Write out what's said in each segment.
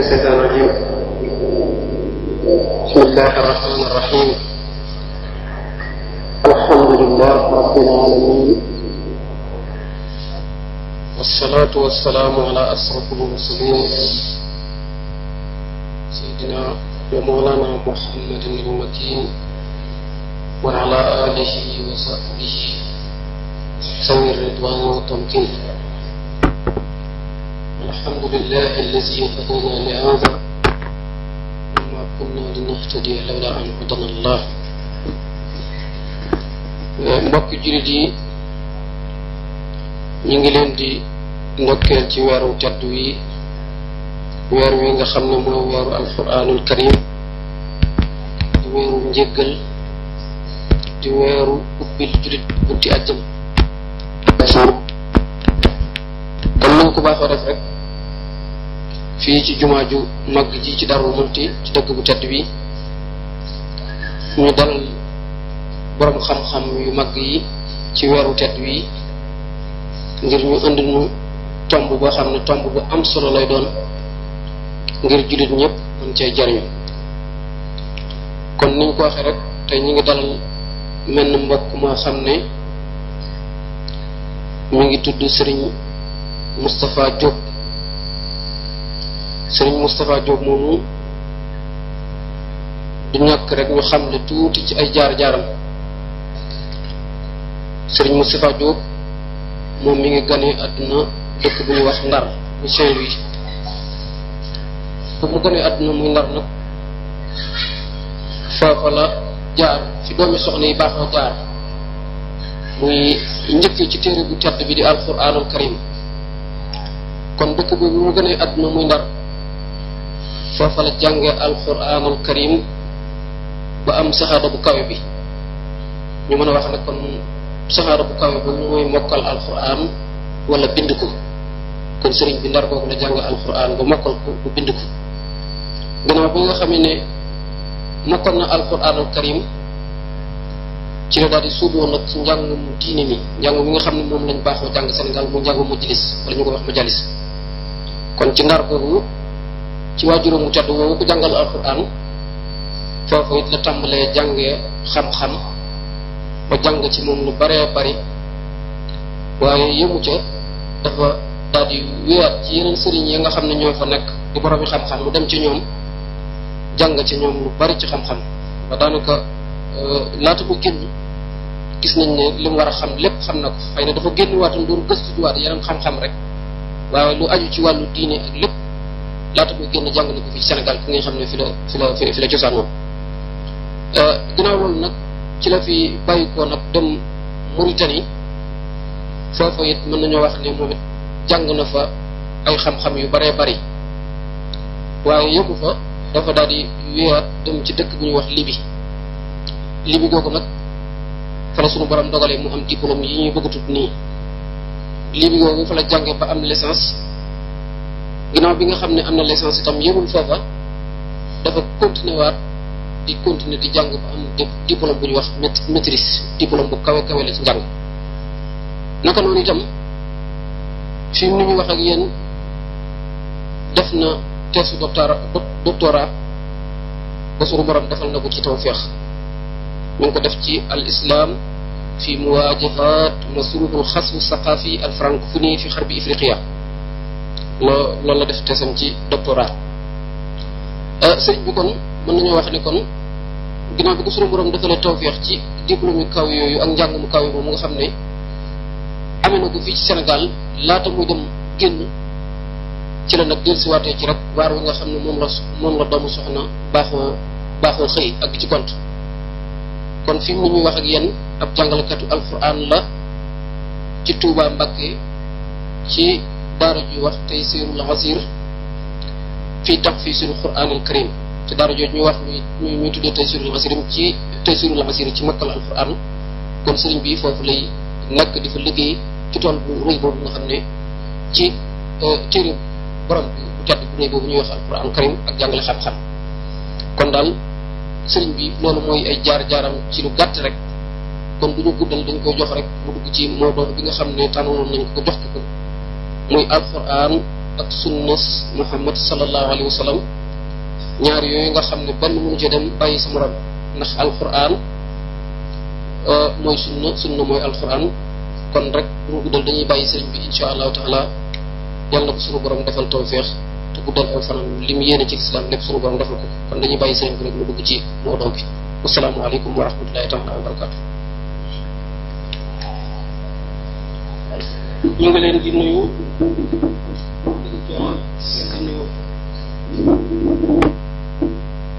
mina shaytaani rajim bismillahi rahmani rahim alhamdulilah rabbil alamin wasalaatu wasalaamu ala asrafil mursalin sayidina wa mawlana muhammadin al-makin wa ala alihi wa sahbihi sawi ridwaan wa tamkin الحمد لله الذي هدانا لهذا وما كنا لنهتدي لولا أن هدانا الله mbokk jullit yi ñu ngi leen di ndokkeel ci weeru tedd wi weer wi nga xam ne mooy weeru alquranul karim di weeru njëggal di weeru ubbil jullit bunti àjjana kon nañ ko baaxoo def rek fii ci jumaa ju mag ji ci Darou Moukhty ci dëkk bu tedd bi ñu dalal borom xam-xam yu mag yi ci weeru tedd wi ngir ñu indi ñu tomb boo xam ne tomb bu am solo lay doon ngir jullit ñëpp mën cee jariñ kon ni ñu ko waxee rek te ñu ngi dalal menn mbokk moo xam ne mi ngi tudd Serigne Moustapha Diop. sëriñ Moustapha Diop moomu du ñàkk rek ñu xam ne tuuti ci ay jaar-jaaram sëriñ Moustapha Diop moom mi ngi gane àdduna dëkk bu ñuy wax Ndar bu Saint-Louis bu mu gane àdduna muy Ndar nag foofa la jaar fi doomi soxna yi baaxoo jaar muy njëkkee ci téere bu tedd bi di alxuraanul karim kon dëkk boobu mu gane àdduna muy Ndar foofa la jànge alquranul karim ba am saxaada bu kawe bi ñu mën a wax ne kon saxaada bu kawe bi mooy mokkal alquran wala bind ko kon sëriñ bi ndar kooku la jàng alquran ba mokkal ko bind ko gannaaw bi nga xam ne mokkal na alquranul karim ci la daal di suuboo nag ci njàngum diine mi njàngum mi nga xam ne moom lañ baaxoo jàng Sénégal mu njàngum majlis wala ñu ko wax majalis kon ci ndar kooku ci waajuram mu tedd woowu ko jàngal alxuraan foofu it la tàmbalee jàngee xam-xam ba jàng ci moom lu baree bari waaye yëmu ca dafa daal di wéyaat ci yeneen sëriñ yi nga xam ne ñoo fa nekk di boromi xam-xam mu dem ci ñoom jàng ci ñoom lu bari ci xam-xam ba daanaka euh, laata mu génn gis nañ ne li mu war a xam lépp xam na ko xëy na dafa génn waatam doon gëstu waat yeneen xam-xam rek waaye lu aju ci wàllu diine ak lépp laata koy génn jàngale ko fi Sénégal fi nga xam ne fi la fi la fi la cosaan moom euh, loolu nag ci la fi bàyyi ko nag dem Mauritanie foofu it na fa ay xam yu baree bari waaye yëgu fa dafa daal di wéyaat dem ci dëkk bu ñuy wax Libye Libye googu nag fa la sunu borom dogalee mu am diplôme yi ñuy bëgg a tudd nii Libye googu fa la jàngee ba am licence ginnaaw bi nga xam ne am na licence itam yëmul foofa dafa continuer waat di jàng ba am diplôme bu ñuy wax maîtrise diplôme bu kawe kawe la ci njàng naka noonu itam fi mu ñu wax ak yéen def na testu doctorat doctorat ba suñu borom defal na ko ci tawfeex ñu ngi ko def ci al islam fi muwaajahat masruhul xasmu saqafi al francophonie fi xarbi ifriqiya loo loolu la def tesam ci doctorat euh, sëriñ bi kon mën nañoo wax ni kon ginnaaw bi ko suñu borom defalee tawféex ci diplôme kaw yooyu ak njàng mu kaw yi moom xam ne ko fii ci Sénégal laata muy dem génn ci la xam ne moom la moom doomu soxna baaxoo baaxoo xëy ak ci gont kon fi mu ñuy wax ak yéen ab jàngalekatu alquran la ci Touba Mbacké ci daara ju wax Taysirul Asir fii taxfiisul Qur'aanil Karim ci daara jooju ñu wax muy muy tuddee Taysirul Asir ci Taysirul Asir ci makkal alquran kon sëriñ bi foofu lay nekk di fa liggéey ci tool bu rëy boobu nga xam ne ci euh, téere borom boobu ñuy wax alquran karim ak jàngale xam bi loolu mooy ay jaar-jaaram ci lu gàtt rek kon bu ñu guddal dañ koy jox rek mu ci moo doon bi nga xam ne tànnaloon nañ ko jox ko. muy alquran ak sunnas muhammad sallallahu alayhi wa sallam ñaar yooyu nga xam ne benn mënu ci dem bàyyi sa morom ndax alquran euh, mooy sunna sunna mooy alquran kon rek bu mu guddal dañuy bàyyi sëriñ bi insha allahu taala yàlla na ko suñu borom defal tawféex te guddal aw fanam li mu yéene ci lislaam lépp suñu borom defal ko kon dañuy bàyyi sëriñ bu rek mu dugg ci moo doom bi wasalaamualeykum wa rahmatullahi taala wa barakatu ñu ngi leen di nuyu di jox seen nuyoo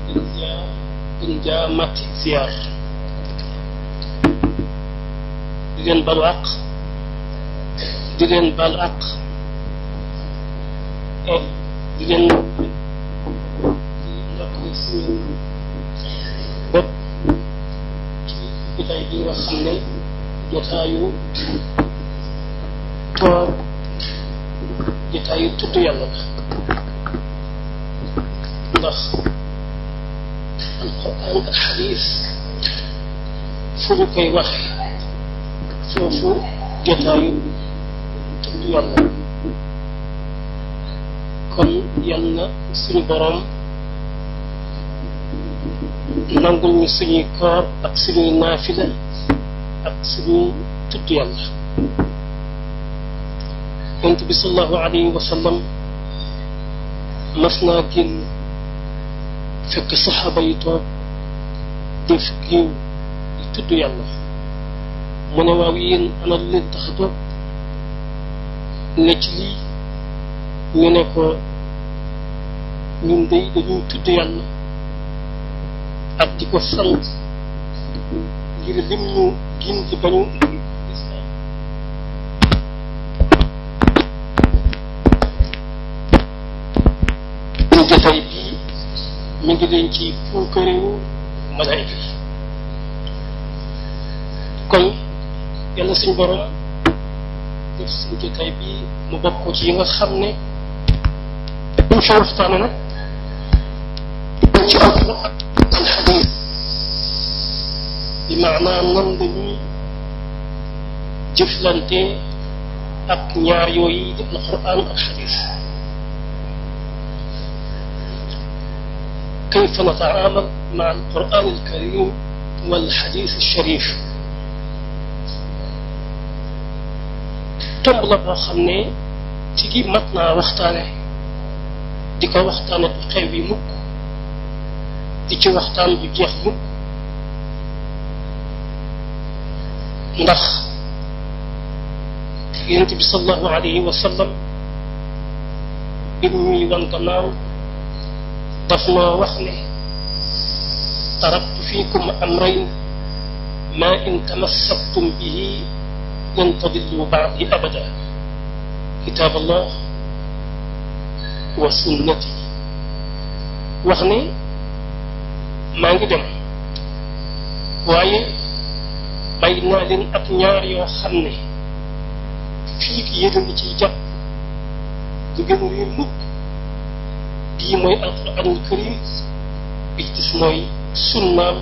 gën jaa gën di leen balu àq di leen balu àq eh, di leen ndokk suñu bopp ci jotaay xam ne jotaayu ko jotaayu tudd yàlla la ndax alquran ak xadis fu ñu koy waxee foofu jotaayu tudd yàlla kon yal na suñu boroom nangul ñu suñuy koor ak suñuy naafila ak suñuy tudd yàlla yonent bi sallallahu alayhi wa sallam mas naa yi toog def géew di tudd yàlla mu ne waaw yéen ana lu leen tax a toog ne ci lii ñu ne ko ñun day dañuy tudd yàlla ak di ko sant ngir lim ñu gindi ba ñu mi ngi leen ci puukarewu malaayika yi kon yàlla suñ borom def suñ jotaay bi mu bokk ci yi xam ne incha allah taala nag dañ ci alquran al xadis bi maanaam jëflante ak ñaar yooyu di alquran ak xadis كيف نتعامل مع القرآن الكريم والحديث الشريف tomb la boo xam ne ci gi mat naa waxtaane di ko waxtaane du xew yi mukk di ci waxtaan du jeex mukk ndax yonent bi sallallahu alayhi wa sallam bi muy wan gannaaw daf noo wax ne taraktu fiikum amrayn maa in tamassaktum bihi lan tadillu ba'di abada kitaab allah wa sunnati wax ne maa ngi dem waaye bàyyi naa leen ak ñaar yoo xam ne fii yéen a ngi ciy jàpp du gën a mukk bii mooy alquranul karim bi ci des mooy sunnaam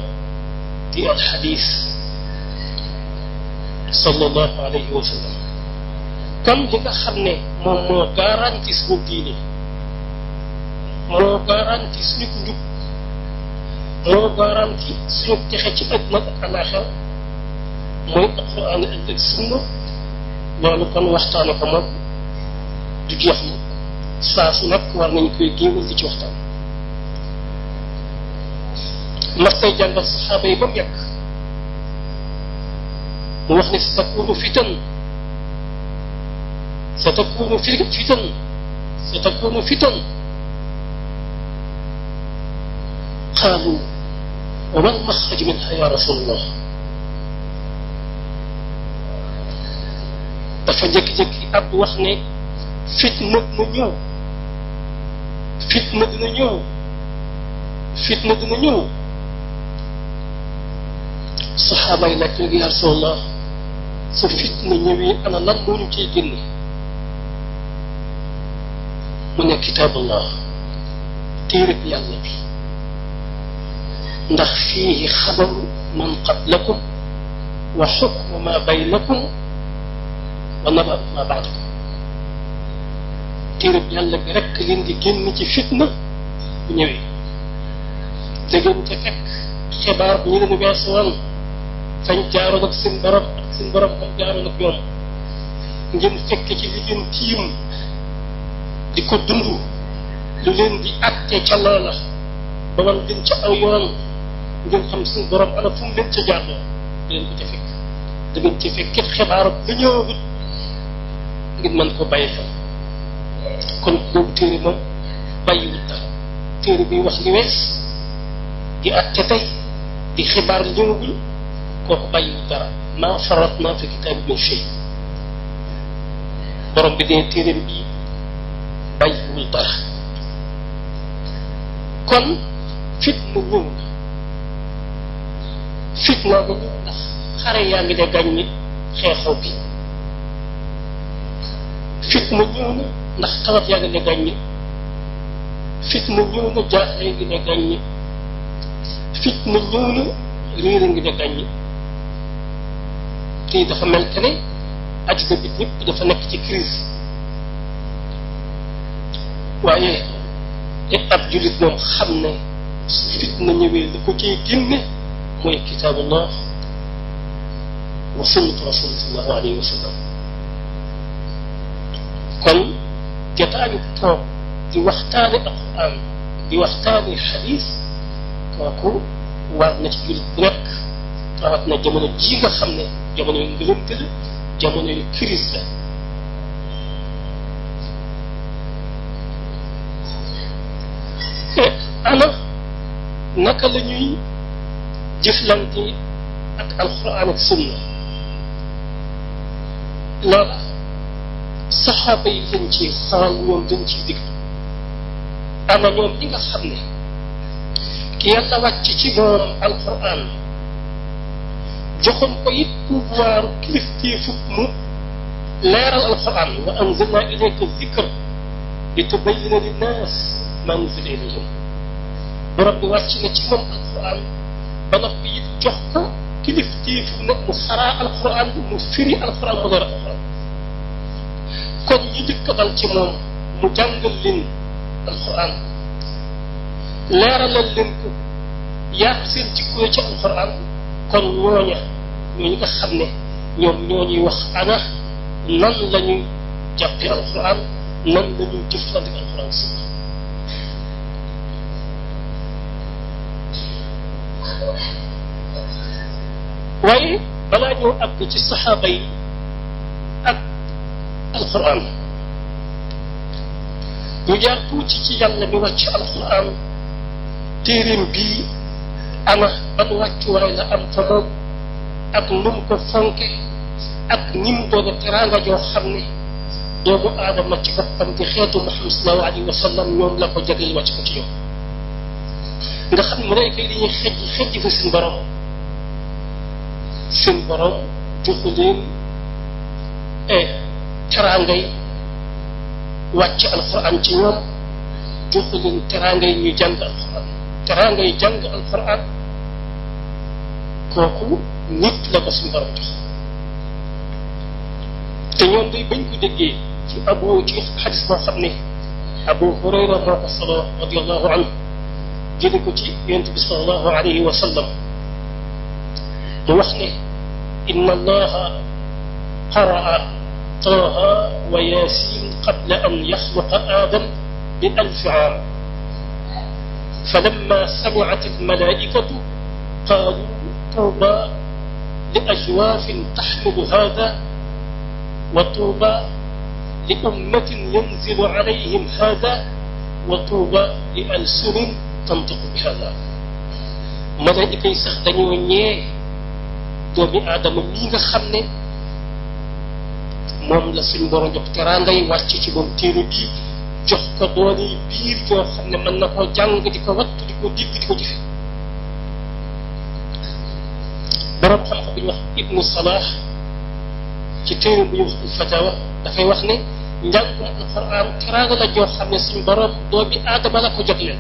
di al xadis sallallahu alayhi wa sallam kon xam ne moom moo garanti suñu diine moo garanti suñu njub moo garanti suñu texe ci àddina ak alaaxira mooy alquran ak sunna loolu kon waxtaane ko moom du jeex saa su nekk war nañ koy géewal di ci waxtaan mas tay jàngal saxaaba yi ba mu yàgg mu wax ne sa takkuunu fitan sa takkuunu fitan sa takkuunu fitan qaalu wa mal maxraj minha ya rasulallah dafa jékki-jékki ab wax ne fitna dina ñëw fitna dina ñëw fitna dina ñëw saxaaba yi laaj léegi yaa rasulallah su fitna ñëwee ana lan moo ñu ciy génne mu ne kitaabullah téereb yàlla bi ndax fii xabaru man qablakum wa xukmu ma baynakum wa naba'u ma ba'dakum téereb yàlla bi rek leen di génn ci fitna bu ñëwee dëggeen ca fekk xibaar bu ñu leen weesu woon fañ jaaroon ak seen borom ak seen borom fañ jaaroon ak di ko dund lu leen di àtte ca ba yoon ngeen xam seen borom ana fu mu leen ca jaarloo leen ko ca fekk dëggeen ca fekkit xibaaru lu ñëwagut ngeen mën ko bàyyi xel kon boobu téere moom bàyyiwut dara li wees di atte tey di xibaar li ñëwagul kooku bàyyiwut dara maa faratna fi kitaabi min shay borom bi dee téere bi bàyyiwul kon fitna ñëw na fitna nga ñëw ndax xare yaa ngi de gàñ nit fitna ñëw na ndax tawat yaa ngi ne fitna ñëw na jaaxle ngi ne gàññi fitna ñëw na réer a dafa mel que ne àddina bi ñëpp dafa nekk ci crise waaye ab jullit moom xam ne su fitna ñëwee li ko ciy génne mooy kitaabullah wa sunnatu rasulullah sallallahu alayhi wa kon jataayu toog di waxtaane alquran di waxtaane xadis kooku war na ci jullit bu nekk rawat na jamono ji nga xam ne jamono yu ngërënte la ana naka la ñuy jëflante ak alquran ak saxaaba yi dañ ci sang woon dañ ciy digg ana ñoom ñi nga xam ne ki yàlla wàcc ci moom alquran joxoon ko it pouvoir kilifteefu mu leeral alquran wa anzalna ilayka zikr li tubayyina linnaas maa nuzila ilayhim borom bi wàcc ci moom alquran ba noppi it jox ko kilifteefu mu xaraa alquran mu firi alquran mu leeral alquran kon ñu dikk dal ci moom mu jàngal leen alxuraan leeralal leen ko yàq seen jikkoo ci kon ñooña ñooñu nga xam ne ñoom ñoo ñuy wax ana nan la ñuy jàppe alxuraan nan la ñuy jëflante alxuraan si waaye balaa ñoo àgg ci saxaaba yi alquran ñu jaar tuuti ci yàlla mi wàcc alquran téeréem bii ana ban wàccuwaay la am fa moom ak nu ko fonke ak ni mu a teraanga joo xam ne doomu aadama ci boppam di xeetu Muhammad sallallahu alayhi wa sallam ñoom la ko jagleel wàcc ko ci ñoom nga xam mu lay koy li teraangay wàcc alquran ci ñoom jox leen teraangay ñuy kooku nit la ko suñu te ñoom day bañ ko déggee abu ci xadis boo xam ne anhu jële ci yonent bi salallahu alayhi wa sallam ne inna allaha qaraa طه وياسين قبل أن يخلق آدم بألف عام فلما سمعت الملائكة قالوا طوبى لأجواف تحمل هذا وطوبى لأمة ينزل عليهم هذا وطوبى لألسن تنطق بهذا ملائكة sax dañoo ñee doomi aadama mi nga xam ne moom la suñ borom jox teraanga yi wàcc ci moom téere bi jox ko dooni biir yoo xam ne mën na koo jàng di ko wattu di ko dégg di ko jëfe borom wax ibnu salah ci téere bu ñu wax dafay wax ne njàngum alquran teraanga la joo xam ne suñ borom doomi aadama la ko jagleel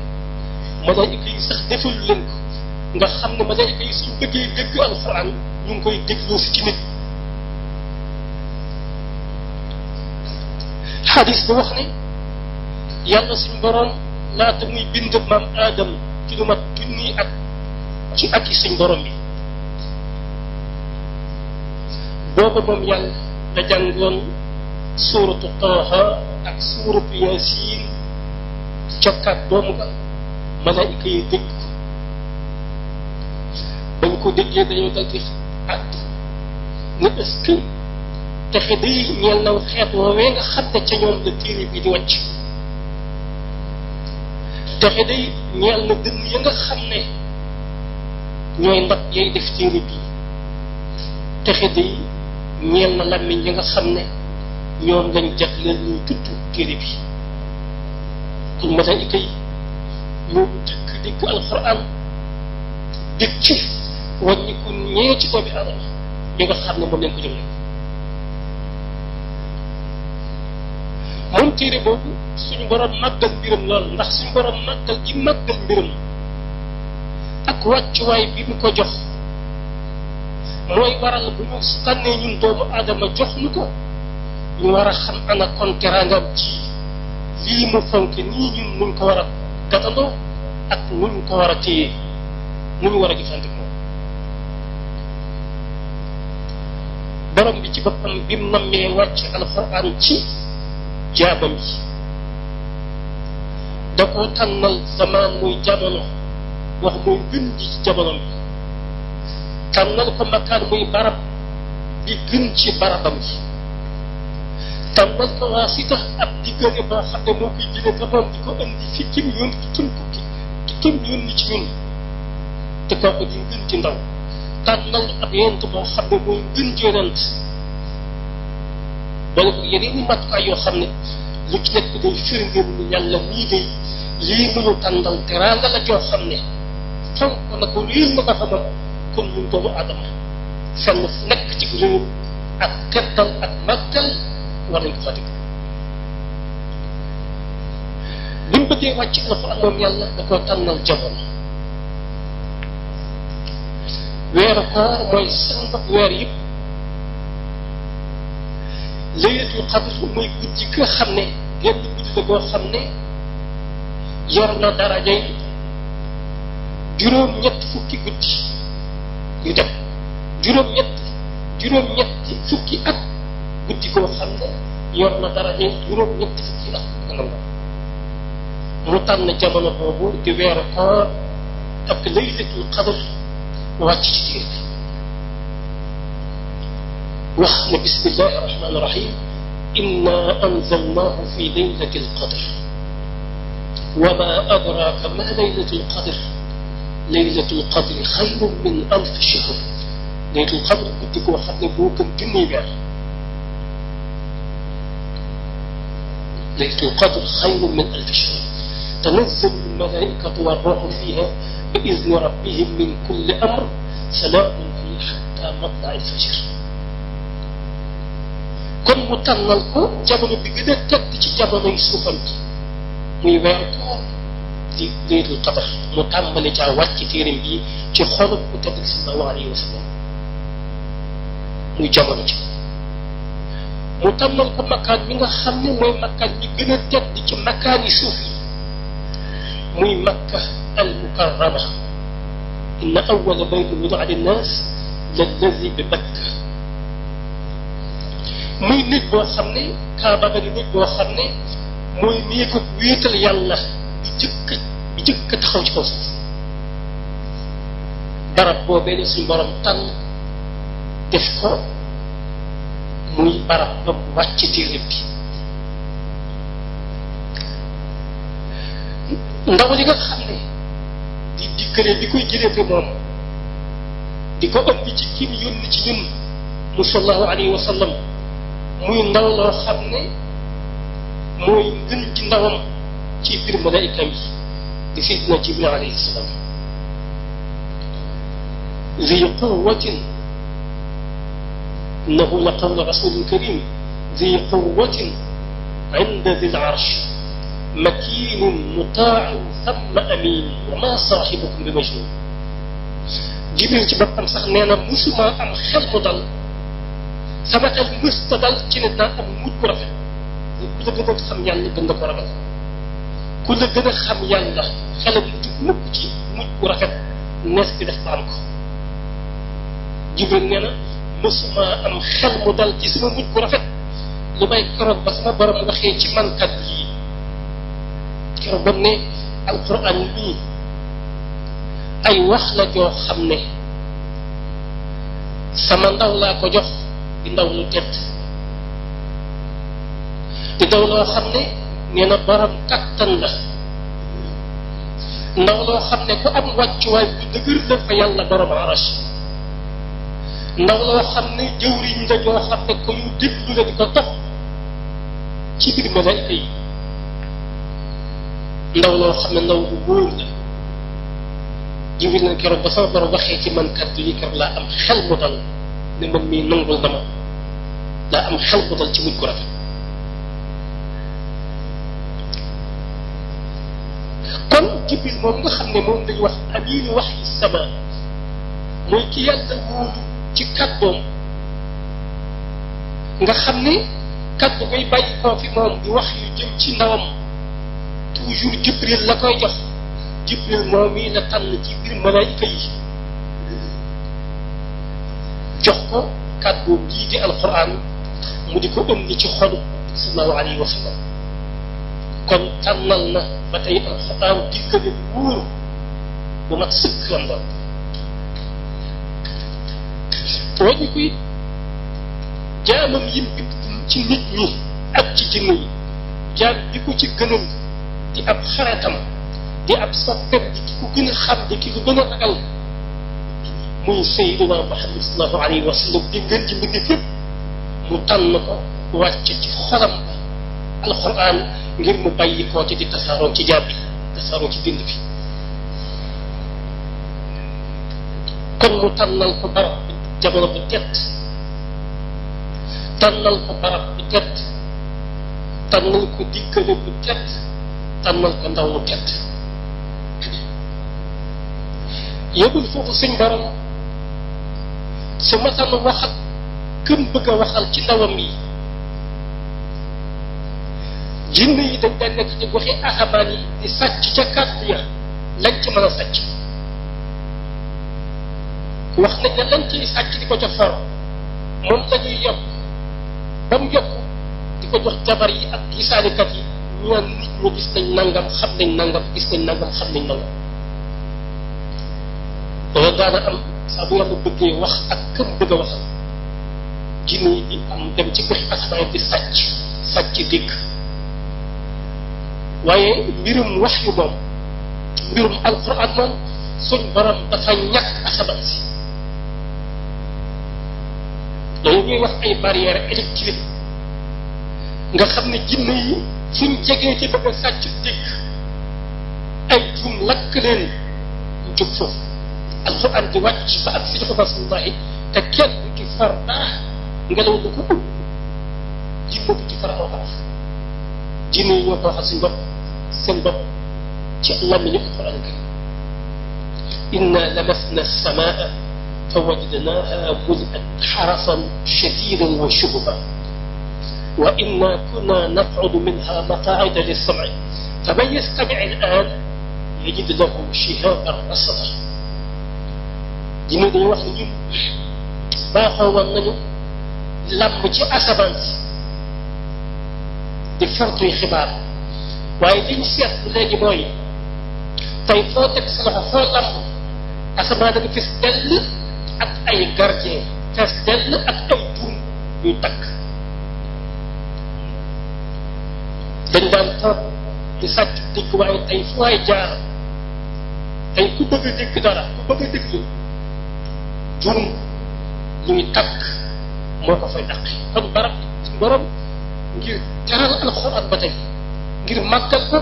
malaayika yi sax deful leen ko nga xam ne malaayika yi suñ bëggee dégg alquran ñu koy déglu si ci nit xadis bu wax ni yàlla suñu borom laata muy aadam ci lu mat junni at ci at yi bi booba moom yàlla da jàngoon suuratu ak suuratu yaasiin cokkaat doomu ba malaayika yi dégg ko bañ ko déggee dañoo dal texe day ñeel naw xeet woowee nga xam ne ca bi di wàcc texe day ñeel na dënn ya nga xam ne ñooy ndab yay def téere bi texe day ñeel na làmmiñ ya nga xam ne ñoom lañ jagleel ñuy tudd téere bi kon malaayika yi ñu dikk dikk alxuraan dikk ci wàññiku ñee ci doomi aadama ñi nga xam ne moom lañ ko jëmle moom téere boobu suñu borom màggal mbiram lool ndax suñu borom màggal gi màggal mbiram ak wàccuwaay bi mu ko jox mooy waral bu ñu tànnee ñun doomu aadama jox ñu ko ñu war a xam ana kon ci lii mu fonk ko war a gàttandoo ak nuñ ko war a téye nu ñu borom bi ci boppam bi mu nammee wàcc alxuraan ci jaamam yi da ko tànnal zaman muy jamono wax muy gën ji ci jamono bi tànnal ko makaan muy barab bi gën ci barabam yi tànnal ko waa ab diggante boo xam ne moo koy jëlee ko moom ko indi fi yoon ki kim ki kim yoon ni ci yoon te kooku di gën ci ndaw tànnal ab yonent boo xam ne mooy gën ci donc yeneen i matukaay yoo xam ne lu ci nekk day firndeel ni yàlla mii lii mënu tàndal teraanga la joo xam ne fonk na ko lii ma ko xama comme ñun adama fenn fu nekk ci réew ak teddal ak war nañ ko laylatul xadr mooy guddi nga xam ne genn guddi la boo xam ne yor na darajay juróom ñett fukki guddi yu dem juróom ñett fukki at guddi koo xam ne yor na darajay juróom ñetti fukki at anam mu tànn jamono boobu di weeru koor ak laylatul xadr wàcc ci diir wax ne bismillahi rahmaani rahim inna anzalnahu fi laylati alqadr wa ma adraka ma laylatu alqadr laylatu alqadri xayrun min alf shahr laylatu alqadr guddi koo xam ne boo gën junniy weer laylatu alqadr xayrun min alf shahr tanazzalu almalaikatu warruhu fiha bi izni rabbihim min kulli amr salaamun hiya hatta matla'i alfajr kon mu tànnal ko jamono bi gën a tedd ci jamono yu suufanti muy weer koor di leetul qadar mu tàmbali caa wàcc téerim bi ci xolub ku tedd sallallahu alayhi wa sallam muy jamono ci mu tànnal ko makkaan bi nga xam ne mooy makkaan bi gën tedd ci makkaan yi suuf yi muy makka al mukarrama inna awwala baytin wudi'a linnaas lallazii bi bakka muy nit xam ni Kaaba nga di nit xam ni muy néegu wéetal yàlla bi jëkk bi jëkk taxaw ci barab boobee la suñu borom tànn def ko muy barab ba mu wàcc téere bi ndaw li nga xam ne di diggale di koy jëlee fi moom di ko ëpp ci kim yónni ci ñun mu sallallahu alayhi wa mu ndaw loo xam ne mooy gën ci ndawam ci biir malaayika yi di sayyidina Jibril alayhi salaam zi quwwatin innahu la qawlu rasulin karim zi quwwatin inda dil arsh makiinin mutaain thumma amiin wa ma saaxibukum bi majnuun Jibril ci boppam sax nee na musuma am mu dal sama xel mës ta ci ne naa am mujj bu rafet ku la gën a xam yàlla gën ko ragal ku la gën a xam yàlla xelam du mukk ci mujj bu rafet nees bi def ba ko Jibril nee na mësuma am xel mu dal ci sama mujj bu rafet lu may keroog ba sama borom waxee ci man kàddu yi keroog ba ne alquran bii ay wax la joo xam ne sama ndaw laa ko jox di ndaw loo xam ne nee na borom la ndaw loo xam ne ku am wàccuwaay bu dëgër la fa yàlla borom arash ndaw loo xam ne jëwriñ la xam ne ko yu déglu la di ko topp ci biir malaayika yi ndaw loo xam ne ndaw bu wóor la jiwir na keroog ba sama borom waxee ci man kàddu yi keroog laa am xel mu dal ne moom mii nangul dama daa am xel xutal ci mujj ko kon jibril moom nga xam ne moom dañu wax amiinu wax yi sama mooy ki yàlla wuutu ci kàddoom nga xam ne kàddu koy bàyyi koo fi moom di wax yu jëm ci ndawam toujours jibril la koy jox jibril moom mii la tànn ci biir malaayika yi jox ko kàddu gii di alquran mu di ko ëmb ci xolu sallallahu alayhi wa sallam kon tànnal na ba tey alquran di gën a wóor bu mat sëkk lan doon wàññi kuy yim bind ci nit ñi ak ci jinne jaam bi ko ci gënal di ab xaratam di ab soppeem di ki ko gën a xam di ki ko gën a ragal muy sayyiduna Muhammad sallallahu alayhi wa sallam di gën ci mbindi fépp mu tànn ko wàcc ci xolam alquran ngir mu bàyyi koo ci di tasaaroon ci jàpp bi tasaaroon ci bind bi kon mu tànnal ko barab bi jamono bu tedd tànnal ko barab bu tedd tànnal ko diggante bu tedd tànnal ko ndaw mu tedd yóbbul foofu suñ borom su masana wax ak këm bëgg a waxal ci ndawam yi jinne yi dañ daan nekk ci goxi asamaan yi di sàcc ca kàddu lañ ci mën a sàcc wax nañ ne lañ ciy sàcc di ko ca for moom yokk ba yokk di ko jox jabar yi at gisaanikat yi ñu naan nit ñi gis nañ nangam xam nañ nangam gis nañ nangam xam nañ nangam loolu daana am saa bu nga ko bëggee wax ak këm bëgg a waxal jinne yi di am dem ci gox asamaan di sàcc sàcc dégg waaye mbirum wax yu moom mbirum alquran moom suñ borom dafa ñàkk asamaan si loolu ñuy wax ay barrière électrique nga xam ne jinne yi suñ jegee ci bëgg a dégg ay jum lakk leen jub foofu alxuraan di wàcc ba ak si jox rasulullahi te kenn du ci far dara ngelaw du ko ëpp jimbo bi ci far moo ko wax jinne yi ñoo ko waxal suñ bopp seen bopp ci làmmiñu alxuraan karim inna lamasna samaa fa wajadnaha muliat xarasan shadidan wa shuhuban wa inna kunna naqcudu minha maqaacida lissamci faman yastamic al'aan yajid lahu shihaban rasada ji mu dañu wax ni baaxoo woon nañu làmb ci asamaan si di fortuy xibaar waaye liñ seet léegi mooy tey foo teg sa loxo foo làmb asamaan dañu fes dell ak ay gardien fes dell ak ay buum yuy takk dañ daan toog di sàcc dikk waaye tey fu waay jaar tey ku bëgg a dikk dara ku bëgg a dikk jum lu ñu tàkk moo ko fay dàq kon barab borom ngir teral alxuraan ba tey ngir màggal ko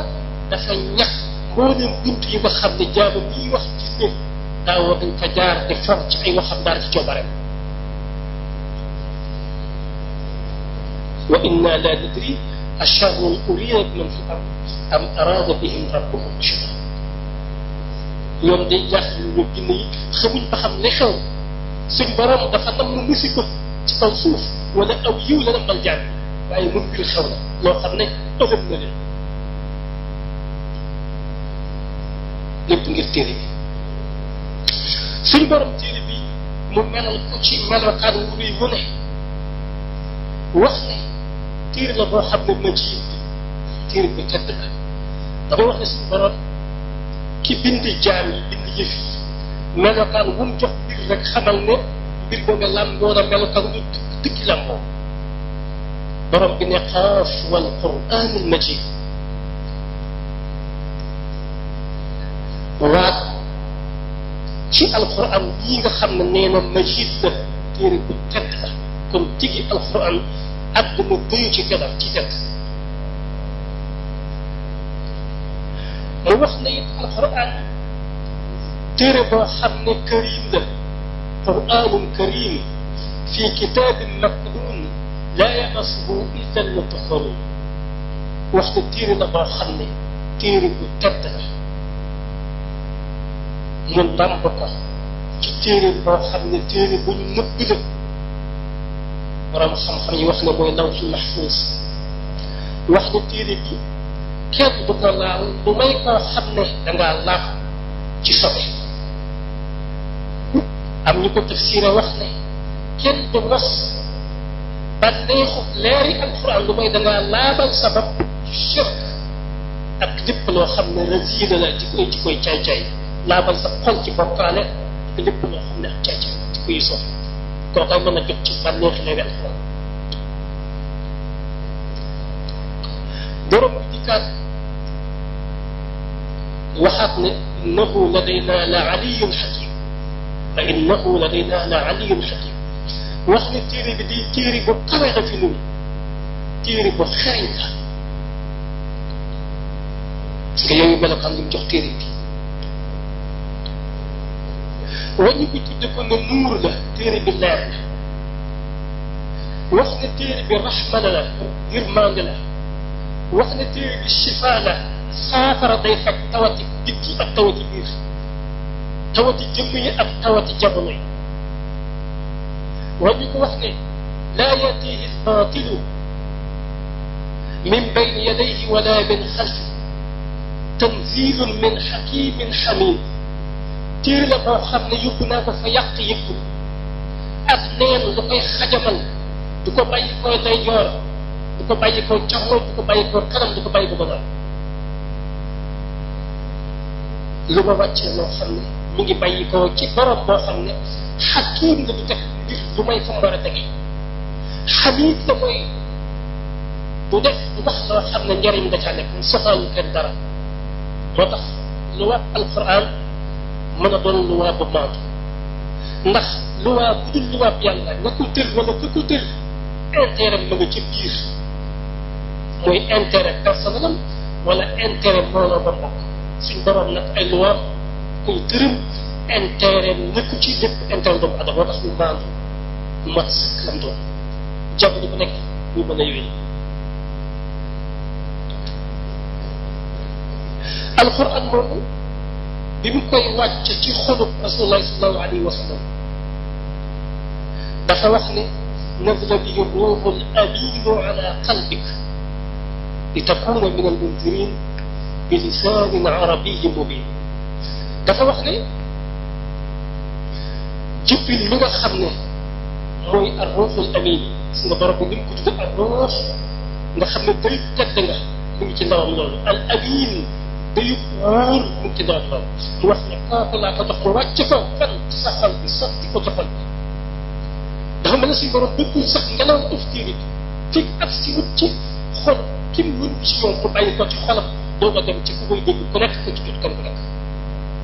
dafa ñax mbooleem bunt yi nga xam ne jaamu bii wax gis ne daawoo dañ fa jaar di for ci ay waxam daar ci coobareem wa inna la nadri acharrun urida bi man fi am am arada bihim rabbuhum rachada ñoom day jaaxle ñoom jinne yi xamuñ ba xam ne xew suñ borom dafa nam mu musiba ci kaw suuf wala aw yiw la namal jàmm waaye mun bir xew na loo xam ne ëxëb na leen lépp ngir téere bi suñ borom téere bi mu melal ko ci melokaan wu nuy wu ne wax ne téere la boo xam ne majiid téere bi tedd la dama wax ne suñ borom ki bind jaam yi bind yëf yi melokaan wu mu jox mbir rek xamal ne mbir boobu làmboo na melokaan wu dëgg làmboo bi ne xaaf wal quraanil majid waat ci alquran bii nga xam nee na majid la téere bu tedd la kon tigi alquran àdduna bëyu ci gadar ci tedd mu wax na it alquran téere boo xam ne karim la quraanun karim fi kitaabin maknuun laa yamassuhu illa al-mutahharuun wax ne téere la boo xam ne téere bu tedd la ñu ci téere boo xam ne téere bu ñu nëbbi xam-xam yi wax ne mooy lawhul mahfuus wax ne téere bi kenn du ko laal lu may xam ne dangaa laal ci sobe am ñu ko tafsira wax ne kenn du nas bànneexu leeri alquran lu may dangaa laabal sabab ci shirk ak lépp loo xam ne rëdd la ci koy ci koy caay-caay laabal sa xol ci bokkaale ak lépp loo xam ne ak caay-caay ci koy sox kooka mën a jot ci bànneexu leeri alquran borom bi dikkaat waxaat ne innahu ladaynaa la aliyyun hakiim innahu ladayna la aliyun hakim di téere bu la fi nun téere bu xereñ la parce que yooyu melokaan lu jox téere bi wañu ko tudde ko wax ne téere bi raxmana la yërmande la wax ne téere shifa la saafara day faj tawati tawati jëmm yi min bayni yadayhi wala min xalfi tanzilun min xakimin xamid téere la boo xam li yóbbu naa ko fa yàq yëpp ak neen lu koy xajamal du ko bàyyi ko day joor du ko bàyyi mu ngi bàyyi ko ci borom boo xam ne xakiim la du teg mbir lu may fu mu war a tegee xamiit la mooy du def ndax loo xam ne njëriñ da caa nekk soxlaawu kenn dara moo tax luwaab alquran mën a doon luwaabu maandu ndax luwaab bu dul luwaab yàlla nga ko tër wala nga ko tër intérêt ma nga ci biir mooy intérêt personnel am wala intérêt mbooloo ba mbokk suñ borom nag ay luwaab ay tërëm intérêt nekku ci lépp intérêt doomu adama moo tax ñu maandu mat sëkk am doon jàpp ni ku nekk ñu mën a yooyu alxuraan moom bi mu koy wàcc ci xolub rasulullahi sallallahu alayhi wa sallam dafa wax ne nazla bihi ruuxul amiinu ala qalbik li takuna min al mundirin bi lisaanin arabiyyin mubiin dafa wax ne jibril mi nga xam ne mooy ar ruuxul amin gis nga borom bu ngeen ko tudd ar ruux nga xam ne day tedd nga mu ngi ci ndawam loolu al amin day wóor mu ngi ci ndawam loolu mu wax ne kooku laa ko jox ko wàcc ko fan ci sa xol bi sotti ko joxal bi dafa mel ne suñu borom bëggul sax ngelaw daf téere bi fekk ab si wut ci xol kim wër ci yoon pour bàyyi ko ci xolam doo ko dem ci ku koy dégg ku nekk ko ci jot kan ku nekk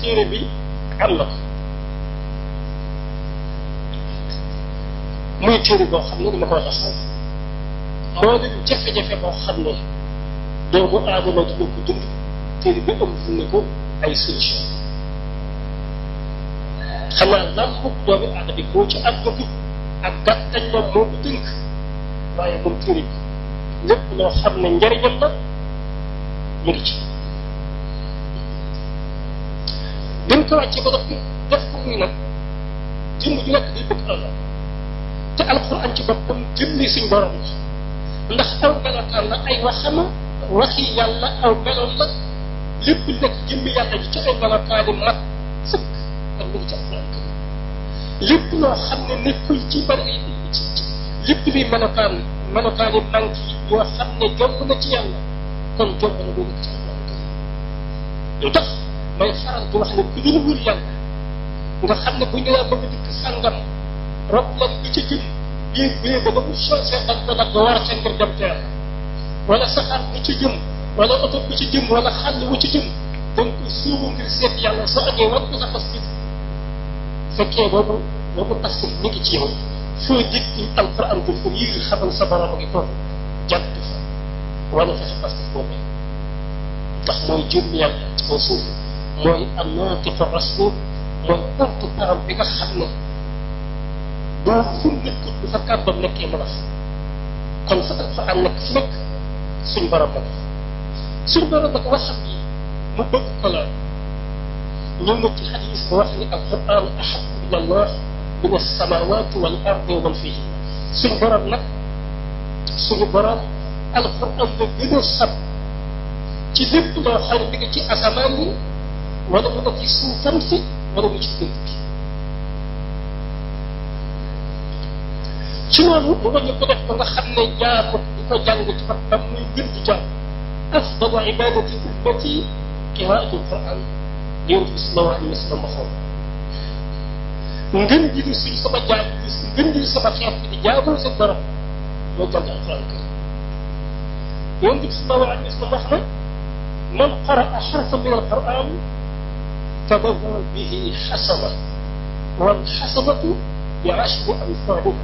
téere bi am na ko muy téere boo xam ne dama koy xasal moo di jafe-jafe boo xam ne doomu aadama dina ko dund téere bi am na ko ay solution xanaa làmb doomu aadama bi moo ci àdduna bi ak gàttañ la moo ko dënk waaye moom téere bi lépp loo xam ne njariñam la mu ngi ci dañ ko wàccee ba noppi def pour ñu nag jëmm ju nekk day bëgg Allah te alxuraan ci boppam jëmmi suñ borom ci ndax aw melokaan la ay waxama waxi yàlla aw meloon la lépp nekk jëmmi yàlla ji ci ay melokaan yi mat sëkk ak mu ngi ci alxuraan karim lépp loo xam ne nekkul ci bari ay ci lépp luy melokaan melokaan yi manque yi yoo xam ne jomb na ci yàlla kon jomb na boobu ci alxuraan karim lu tax day faral di wax ne ku ñu wul yàlla nga xam ne bu ñu la bëgg dikk sangam rob lan bi ci jëm bii bii ko ba mu changé ak ba nag nga war a sa ngir dem wala saxaar bi ci jëm wala oto bi ci jëm wala xàll wu ci jëm da nga koy suubu ngir seet yàlla soo amee war ko sa fas ci fekkee boobu boobu passif mi ngi ci yow foo dikki alquran bu ko yir xamal sa borom ngi ko jàpp fa wala fexe passif boobu ndax mooy jëm yàlla ci kaw suuf mooy am naatiqu usbu mooy porte parole bi nga xam ne boo fullit ko du fa kàbbam nekkee mën a kon fa alxuraan nekk fu nekk suñ borom la def suñ borom nag waxam yi mu bëgg ko la ñëw na ci xadis bu wax ni alxuraan ahabbu ila allah min alsamawati wal ardi wa man fihi suñ borom nag suñu borom alxuraan la gën a sab ci lépp loo xam ne ci asamaan yi Надо подойти к станции, надо выйти с клетки. ci loolu ñu ko def ba nga xam ne jaar ko di ko jàng ci xam tam muy gën di jàng afdalu ibadati ummati qiraatul quran li yonent bi sallallahu alayhi wa sallam waxoon ngën ji di suñ sama jaam bi ngën ji di sama xeet bi di jaamul sa borom moo jàng alquran kër yonent bi sallallahu alayhi wa sallam wax na man qaraa xarfa min alquran tabarru bihi xasaba wal xasabatu wa ashru amsaaluha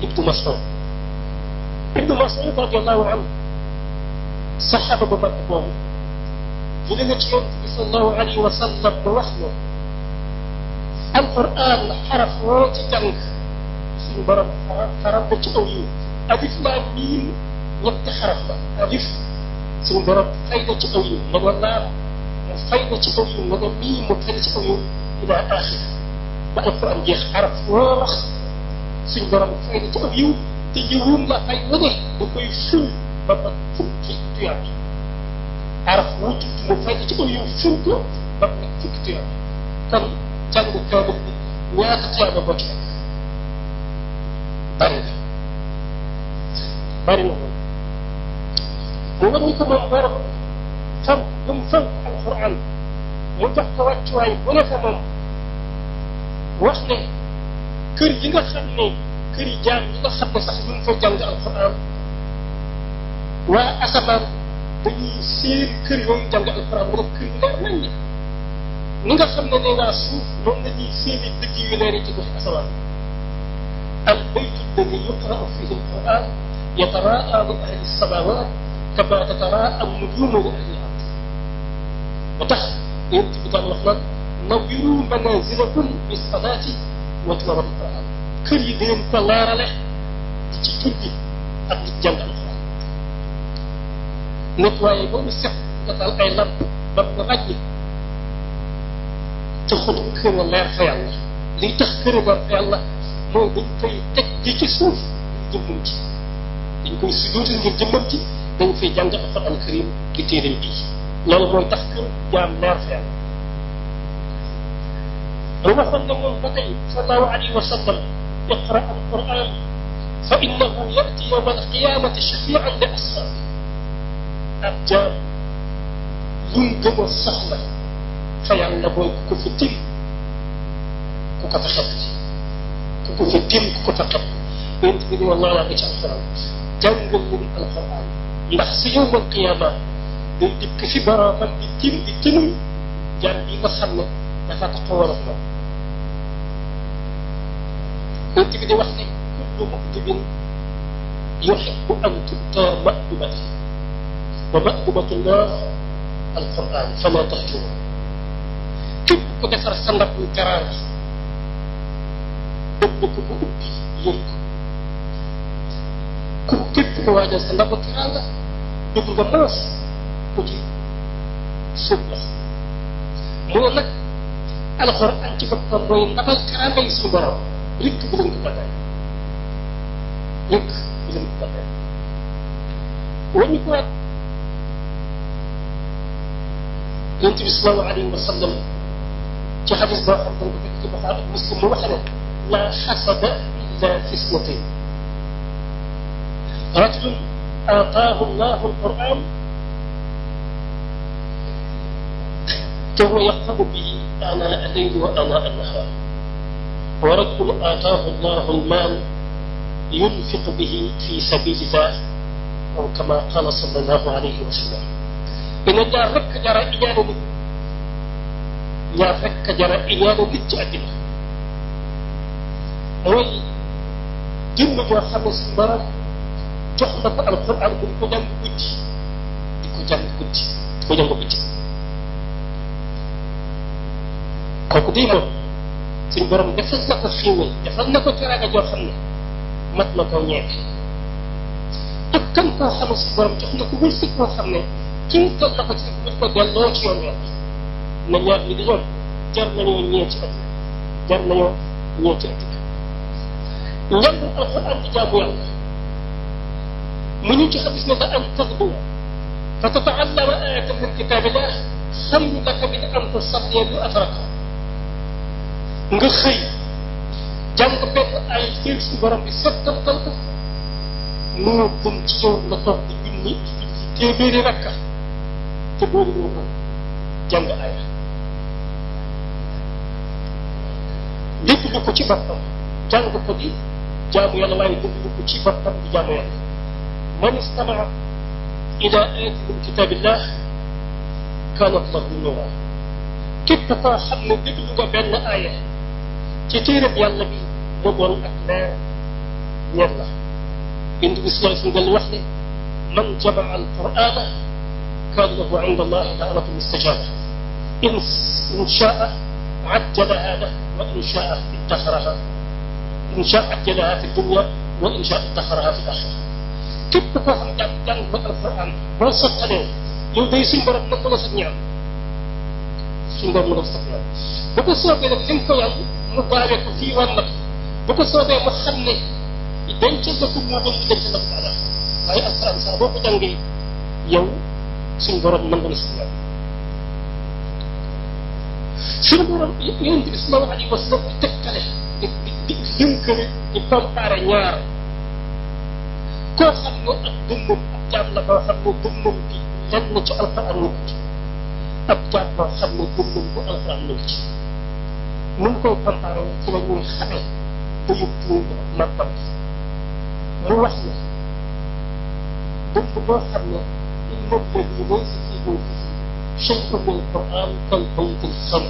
ibnu Mas'ud ibnu Mas'ud radiyallahu anhu saxaaba ba mag boobu jëlee na ci yonent bi sallallahu alayhi wa sallam ba wax ne alquran xaraf woo ci jàng suñu borom xaraf ko ci aw yiw alif laam miim ñetti xaraf la alif suñu borom fay ko ci aw yiw mu fay na ci sa ñun na nga bii mu fay ci sa ñun ila axir ba alquran jeex arab loo wax suñ borom fay na ci ab yiw te yiwum la fay wane da koy ful ba ba fukki tuyaab araf wu tudd mu fay na ci ab yiw ful ko ba ba fukki tuyaab kon jàng kaaba bi ñaata tuyaaba boo ci bari na bari na mu war ñu ko moom borom fonk lu mu fonk alxuraan mu jox ko wàccuwaay bu ne ko moom wax ne kër yi nga xam ne kër yi jaam yi nga xam ne sax ñu ngi fa jàng alxuraan waa asamaan dañuy siir kër yooyu jàng alxuraan mu def kër yu leer nañ ni nga xam ne nee naa suuf noonu la ñuy seeni dëkk yu leer yi ci gox asamaan al baytu alladi yuqra'u fihi alquran yataraa min ahli alsamawat kama tataraa an nujumu ahli ba tax yéen ci daan wax bi salaati wa tilawati alquran kër yi da ngeen ko laarale ci kër gi ak di jàng alquran nettoyé ba mu set nga daal ay lamp ba mu ràññi te xol kër a leer fa yàlla liy tax kër a leer fa yàlla mooy dañ koy teg di ci suuf ngir bii loolu mooy tax jaam leer feel lu waxoon na moom ba tey sallallahu alayhi wa sallam al quran fa innahu yati yowma alqiyamati shafian li ashabi ab jaam luñ gën a soxla fa yàlla mooy ku ko fa tim ku ko taxaw ku ko fa tim ku ko taxaw yéen bi dem dikk fi boroomam di cin di cinum jar bi nga xam ne dafa taxawal ak moom yonent bi di wax ne kullu mu'jimin yuhibbu an tubta ma'dubati wa ma'dubatullah alquran fama tahjuru képp ku defar sa ndab yu garaan bi bëgg ko bu ubbi yëg ko ku képp ku waajal sa ndabu teraanga bëgg nga moos ko ci suuf la loolu nag alxuraan ci boppam mooy matal karaama yi suñu borom rikk bu leen ko bàttaay rikk bu leen ko bàttaay wañu ko waat yonent bi sallallahu alayhi wa sallam ci xadis boo xam ne dañ ko fekk ci Buxaari ak Muslim mu wax ne laa xasada illa fi isnatayn rajulun aataahu allahu alquran te huwa yaxtabu bihi aanaa al-layli wa aanaa an-nahaar wa rajulun aataahu llaahu al-maal yunfiqu bihi fi sabiili llaah aw kamaa qaala sallallaahu alayhi wa sallam. dina ñaar rekk jar a iñaane nit ñaar rekk jar a iñaane nit ci àddina mooy jëmm joo xam ne si borom jox na ko alquran bu ko jàng guddi di ko jàng guddi di ko jàng guddi. kooku bii moom suñ borom defal na ko xiiwal defal na ko teraanga joo xam ne mat na koo ñeewe ak kan koo xamul si borom jox na ko wërsëg koo xam ne kii toog na ko ci daf ko delloo ci yoon yoon na ñaar bi di yoon jar nañoo ñee ci ëtt jar nañoo ñee ci ëtt njàng alxuraan di jaamu yàlla mu ñu ci xadis ne da am tagbu fa tataallama ayatam min kitaabillah xayru laka min an tusalliya bi atraka nga xëy jàng benn ay xëy si borom bi settantal ko loolu gën ci yow nga toog di junni ci téeméeri rakka te boolu moo ko jàng lu ko ci boppam jàng ko di jaamu yàlla waaye dund lu ko ci boppam di jaamu yàlla man istamaa ila ayatin min kitaabillah kaanat lahu nuura képp koo xam ne déglu nga benn aaya ci téereb yàlla bi bëggoon ak leer ñor la yonent bi sallallahu alayhi wa sallam dal wax ne man jamaa al qur'ana kaana lahu inda allah da'watu mustajaba in shaa ajjalaha lahu wa in shaa ittaxaraha in shaa ajjalaha fi dunya wa in shaa ittaxaraha fi axira képp koo xam jàng jàng ba alquran boo sottalee yow day suñ borom nag ko la sa ñaan suñ borom mu def sa ñaan bu ko soobee nag li nga ko yàlla mu boole ko fii war na ko bu ko soobee mu xam ne denc sa tur moo gën di denc sa tur waaye alxuraan sax boo ko jàngee yow suñu borom mën nga la suñu borom. suñu borom yonent bi sallallahu ñaar koo xam ne ak ab jaam la boo xam ne dundam bi lenn ci alxuraan mu ci ab jaam boo xam ne dundam bu alxuraan mu ci. mën koo comparé ci la ñuy xamee dëgg ci noppam mu wax ne dëgg boo xam ne il faut que ñu doon si kii boo gis chef de l' Coran tel baytul xel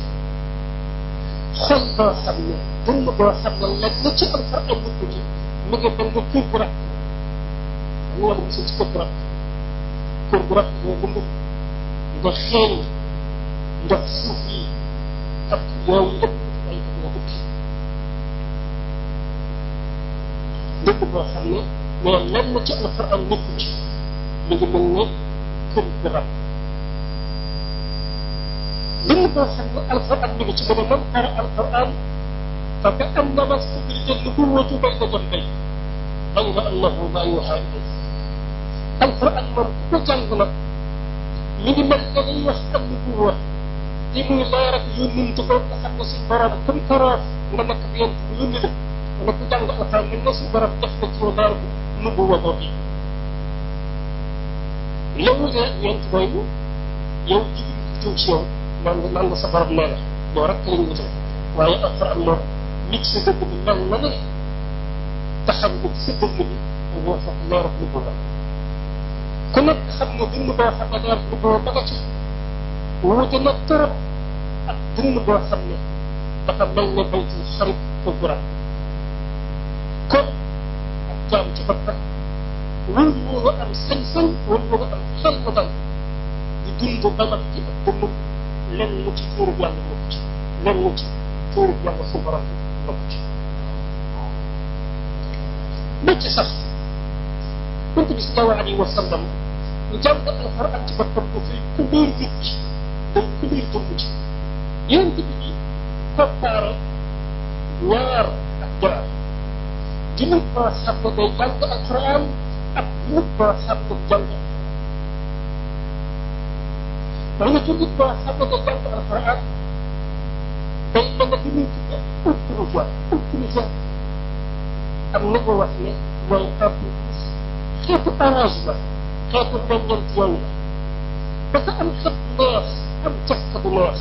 xel boo xam ne dëgg boo xam ne nag la ci am sax ay dëgg ji mu ngi mel ni kër bu rafet ñu war a gis ci kër bu rafet kër bu rafet boo dund nga xeeñ ndox suuf yi ak yow yëpp dëkk boo xam ne mais lenn ci alxuraan nekku ci mu ngi mel ne kër bi rab dëkk boo xam ne alxuraan mi ngi ci mën a mën xara alxuraan fa ka am na ma sudrija nubuwwatu bayna janbay xam nga annahu maa yuhaa ilay alxuraan moom ku ko jàng nag mi ngi mel ne lay wax am nubuwwa li muy leer ak yónnintu ko nga xam ne suñ borom comme toroof nga nekk bi yéen yónni la ba ku jàng alxuraan mën na suñu borom def na ci ñu naan nubbu wa boobu yi la wutee yonent boobu yow jiw jiw si yow naan nga naan nga sa borom nee na yow rek lañ wute waaye alxuraan moom li ci sa dëkk bi mel na ne taxaw na ci sa dëkk bi boo xam leeru nubbu la ku nekk xam ne dund boo xam ne leeru nubbu ba nga ci wuute na trop ak dund boo xam ne dafa mel ne baytul xarit ko buram jikko ak ci boppam wër moo am sañ-sañ wër am xel mu dal di dund ba mag ci ak ba mukk lenn mu ci tuurub yàlla bokk ci lenn sax buñ ko gis sallallahu alayhi wa sallam jàng alxuraan ci boppam dafay kubéer nit ci day kubéer jëmm ci yéen bi comparé ñëpp a xàppandoo jàng alquran ak ñëpp a xàppandoo jàng. loolu ci ñëpp a xàppandoo jàng alquran day mel ni muy tuddee utiliser utiliser am na ko wax ne mooy ab xeetu arrangement xeetu ndànkéen ci yow la dafa am xet neex am càkk bu neex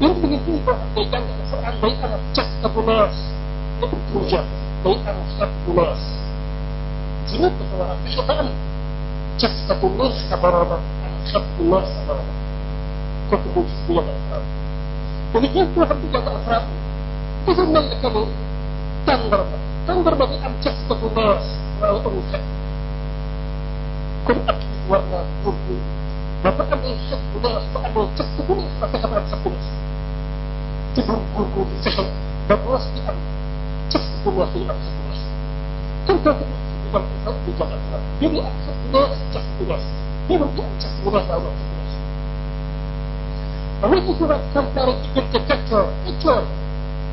yéen mi ngi fi boo xam ne jàng alquran day am càkk bu neex nga utiliser. تنقر صف ناس جنوب بطلعات بشوف أنا كفة الناس كبرابة أنا خف الناس كبرابة كنت موجود في الأفراد وبجيت واحد من الأفراد مثل ما اللي كانوا تنضربة تنضربة بأن كفة الناس لا أم خف كل أكيد ورنا نرجو وما أمي خف ناس وأمي كفة ناس فتحب أن خف ناس تبرو برو في خلق ببوس بأمي شق الرسول عن شق الرسول كنت أقول من الحب جعلها من الحب شق الرسول من الحب شق الرسول أريد أن أذكر ذلك كثر كثر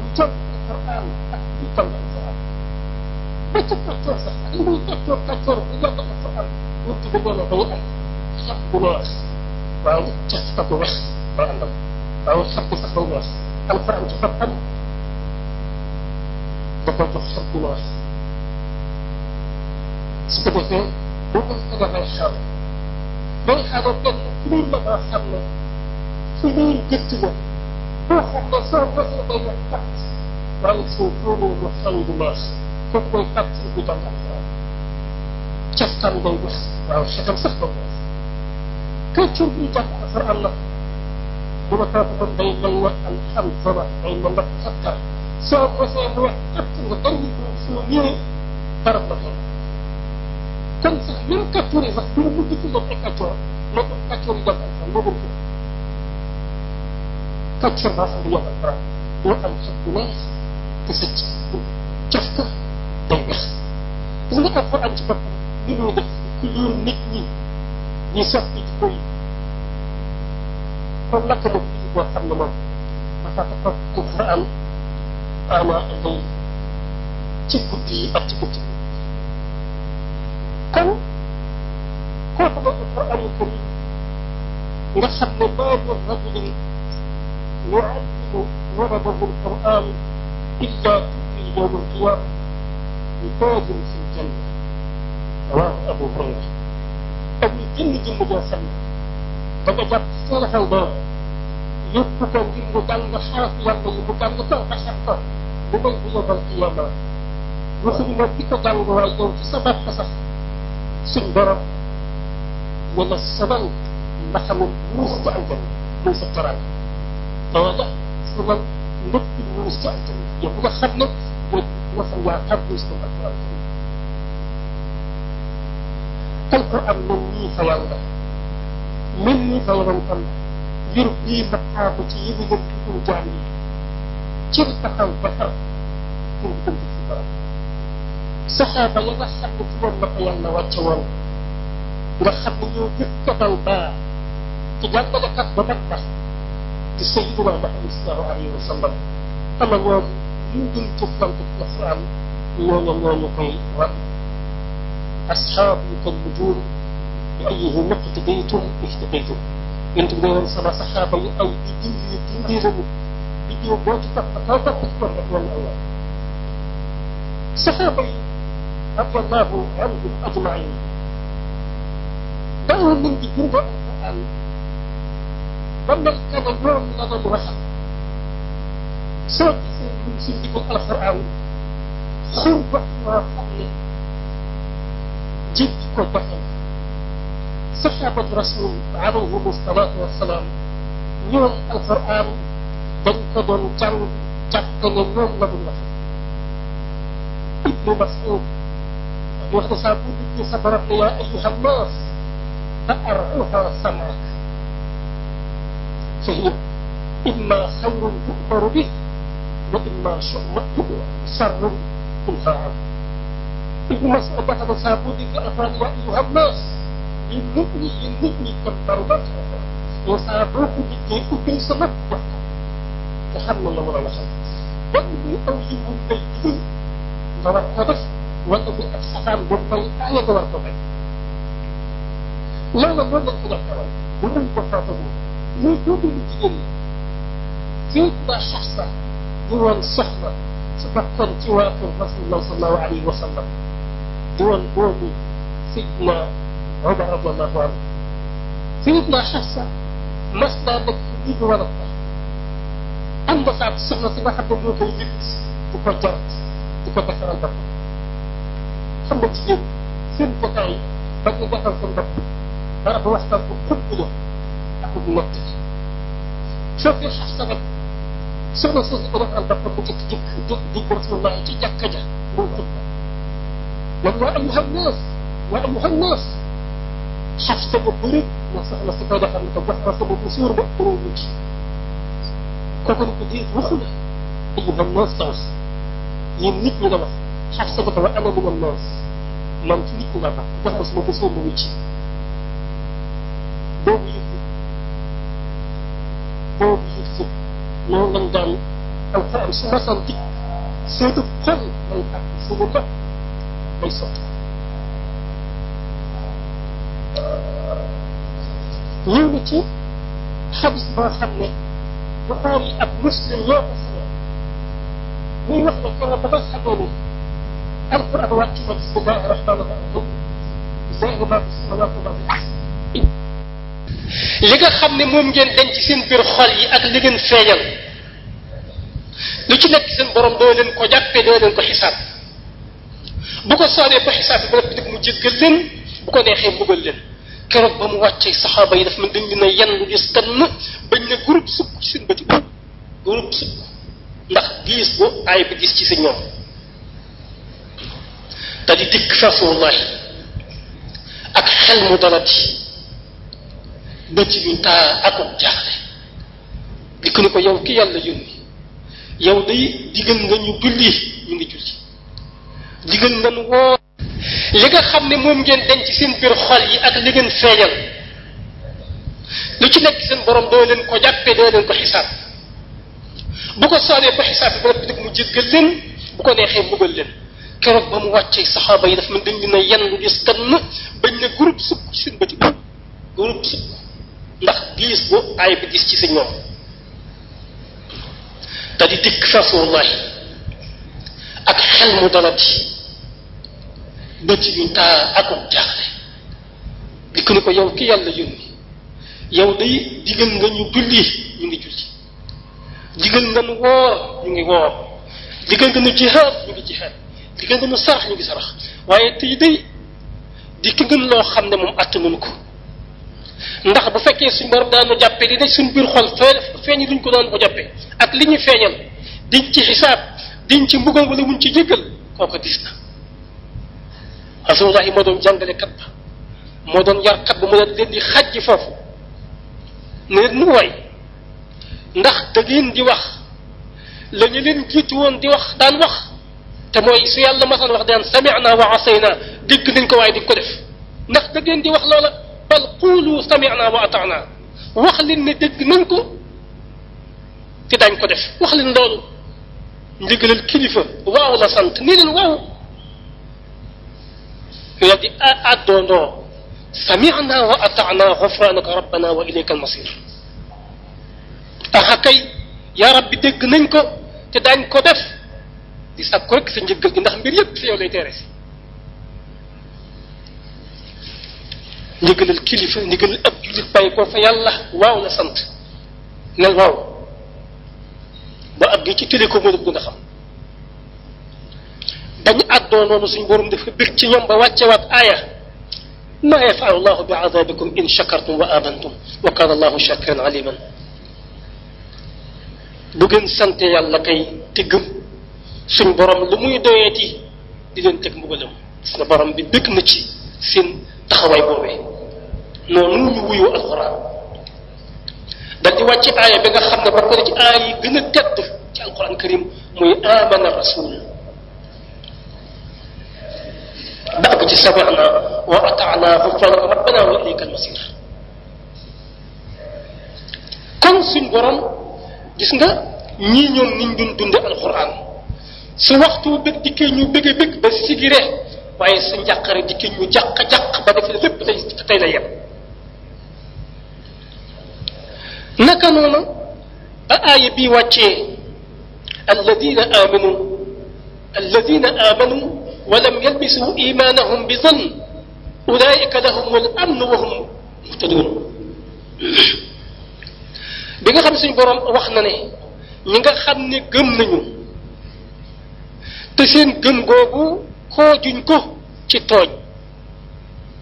وجمع القرآن أكيد الأنصار وكثر كثر إنه كثر كثر إلا القرآن وتقول له شق الرسول وأو شق الرسول وأنه أو شق الرسول القرآن تفهم sepuluh sepuluh seterusnya bukan sekedar naik mengharapkan lima bahasannya seluruh jiwa bukan bersama banyak tak langsung turun bersama gemas kekuatan tak sebutan bangsa cekkan bagus rasakan sebagus kecurigaan asal Allah Maka perbaikan wa alhamdulillah Al-Malik Sakar soo ko seetlu wax kàtt nga indi ko soo ñëwee dara ko xew kon sax même kàttuur yi sax pour mu dikk nga ko kàttuur moo ko kàttuur yi dafa am moo ko kii kàttuur daa xam ne yàlla dara moo am xet bu neex te sa ci caf ko day neex gis nga alxuraan ci boppam li muy def ci liir nit ñi ñu soppi ci koy kon naka la ko xam ne moom dafa ko alxuraan ama amal ci guddi yi ak ci bëccëg kon kooku ba alquranul karim nga xam ne baabu rajulin yuaddilu warabahu alquran illa tuuti yowma alqiyama bi taajin fi ljanna rawahu abu hurayra ak ñu jënd jënd joo xam ne da nga jàpp seen xel boobu lépp ko ngir mu jàng xaraf yàlla yi mu jàng ko rafet ko bu may bu yóbbal xiyaama waxuñu nag ki ko jàng waaye yow ci sa bopp sax suñ borom ne la sobal ndax amul muus ci aljanna muy sa toraan loola sobal lépp muus ci aljanna yow bu nga xam ne mooy waxal waa xam muus ko ak aljanna alquran mel nii fa yàlla mel nii fa yonentam la jur bii sa saako ci yi ñu jëm ci suñu jaam yi cër sa xaw ba xar pour bëgg si borom saxaaba ya nga xam ne ci moom la ko yàlla wàcce woon nga xam ne ñoo gis ko daw baa ci jàngalekat ba mag ba di sayyidina Muhammad sallallahu alayhi wa sallam ama woon ñu dul ci sant lislaam ñooñu ñooñu koy wan asxaabu kan nujuum bi ayyihi muqtadaytum ihtadaytum yonent bi nee na aw di dindi dindi nañu biddiw boo ci topp kaw topp ci topp rek mel ni aw saxaaba yi radiyallahu anhum ajmain daawoon nañ di bind alquran ba mel ne ñoom la doon waxal soo gisee ñun suñ di ko saxaabatu rasul alayhimu salaatu wassalaam ñoom alquran dañ ko doon jàng jàpp ne ñoom la ñu wax ibnu mas'ud wax na saa bu dugg sa barab ne yaa ayyuha nnaas fa ar'uha sam'ak fa hiya imma xayrun tu'maru bih wa imma sharrun tunhaa anhu ibnu mas'ud ba xam saa bu dugg alquran yaa ayyuha nnaas il beaucoup de il beaucoup de code bamba on sera beaucoup de tey ku koy sama waxtaan te xam na la war a waxal bon bu aw si mu koy dugal nga war ko def wala bu ak saxaar bu koy taaye nga war ko bay loolu loolu lañ ko jox kawal bu ñu ko fàttali muy tuuti lu jigéen ñi fii ba saxsa di woon soxna su bakkoon ci waa kër rasulullah sallallahu alayhi wa sallam di woon boobu sidna عمر رضي الله عنه سيدنا حفصة mas naa nekk ci biir wàllu am nga saab soxna si nga xam ne moo koy yëngu di ko jarat di ko defaral bopp xam nga jigéen seen jotaay yi bañ a defal seen bopp dara bu waxtaan bu xëpp la ak bu noppi. soo koy xas sa nag soxna soosu ko defal bopp bu jëkk jëkk di di ko Rasulullah ci jàkka ja moo xëpp la. wa am xam naas wa am xam naas saf sa bopp rek ndax sa la sa koy defal ko wax sa bopp ba amoo mucc kooku nag di waxu la dañu am noos sens ñun nit ñi nga wax saf sa bopp ba amamu am noos man ci nit ñi nga ma sama bopp suur ba mucc boobu yëg boobu yëg si noonu lañ daan alxuraan ma sant seetu xol man ak su ma ñëw na ci xabis boo xam ne Buxaari ak Muslim ñoo ko solo muy wax ne keroog ba nga xamee ne alquran wàcc na bismillahi rahmaani rahim zaahiru baabu samaawaati xam ne moom ngeen denc seen biir xol yi ak li ngeen lu ci nekk seen borom doo leen ko jàppee doo leen ko xisaab bu ko soonee ba xisaab bi ba mu jéggal leen bu ko neexee mbugal leen. keroog ba mu wàccee saxaaba yi daf man dañ dina yan lu gis na bañ ne groupe sukk ci seen bëti bopp groupe sukk ndax gis bu aay bi gis ci sa ñoom te di dikk façullahi ak xel mu dalati bëti ñu taa akub jaaxle dikk ni ko yow ki yàlla yónni yow day digal nga ñu julli ñu ngi julli digal nga nu woor li nga xam ne moom ngeen denc ci seen biir xol yi ak li ngeen feeñal lu ci nekk seen borom doo leen ko jàppee doo leen ko xisaab bu ko soonee ba xisaab bi ba mu jéggal leen bu ko neexee mbugal leen keroog ba mu wàccee saxaaba yi daf man dañ dina yan lu gis tànn bañ ne groupe sukk ci seen bëti groupe sukk ndax gis bu sa ñoom te di dikk rasulullah ak xel mu dalati da ci ñu taa akum jaaxle dikk ni ko yow ki yàlla yónni yow day digal nga ñu julli ñu ngi julli digal nga nu woor ñu ngi woor digal nga nu jihaad ñu ngi jihaad digal nga nu sarax ñu ngi sarax waaye tey day dikk nga nu loo xam ne moom attanuñu ko ndax bu fekkee suñ borom daanu jàppee di daj suñ biir xol feeñ luñ ko daan ko jàppee ak li ñu feeñal diñ ci xisaab diñ ci mbugal wala muñ ci jéggal kooko dis na rasulullah moo doon jàngalekat ba moo doon yarkat ba moo doon leen di xaj foofu ne leen nu way ndax da di wax la ñu leen jiitu woon di wax daan wax te mooy su yàlla masal wax daan sami'na wa asayna dégg nañ ko waaye di ko def ndax da wax loola bal qulu sami'na wa ata'na wax leen ne dégg nañ ko te daañ ko def wax leen loolu ndigalal kilifa waw la sant nii leen waaw weddi àddoondoo samina wa ataana xufraanaka rabbana wa ilayka almasir taxa kay yaa rabbi dégg nañ ko te daañ ko def di sakku rek sa njëggal gi ndax mbir yëpp yow lay teere si ndigalal kilifa ndigalal ab jullit bàyyi ko fa yàlla waaw la sant nel waaw ba ab gi ci tële ko dañu àdduna noonu suñ borom dafa bir ci ñoom ba wàccewaat aaya ma yafalu llahu bi azabikum in shakartum wa amantum wa kana allahu shakiran aliman bu sante sant yàlla kay suñ borom lu muy doyeeti di leen teg mbugalam gis borom bi bëgg na ci seen taxawaay boobee noonu ñu wuyoo alxuraan dal di wàcc aaya nga xam ne na ci aaya yi gën a tedd ci alxuraan karim muy amana rasul ndax ko ci sabarna wa ataana xufran rabbana wa ilayka kon suñ gis nga ñii ñoom niñ doon dund alquran su waxtu bëgg dikkee ñu bëgg a bëgg ba sigire waaye su njàqare dikkee ñu jàq jàq ba def lépp tey tey la yem naka noonu ba aaya bii wàccee alladina amanu alladina amanu walam yalbisu imaanahum bi zann ulaika am na wa hum muhtadun bi nga xam suñu borom wax na ne ñi nga xam ne gëm nañu te seen gëm googu xoojuñ ko ci tooñ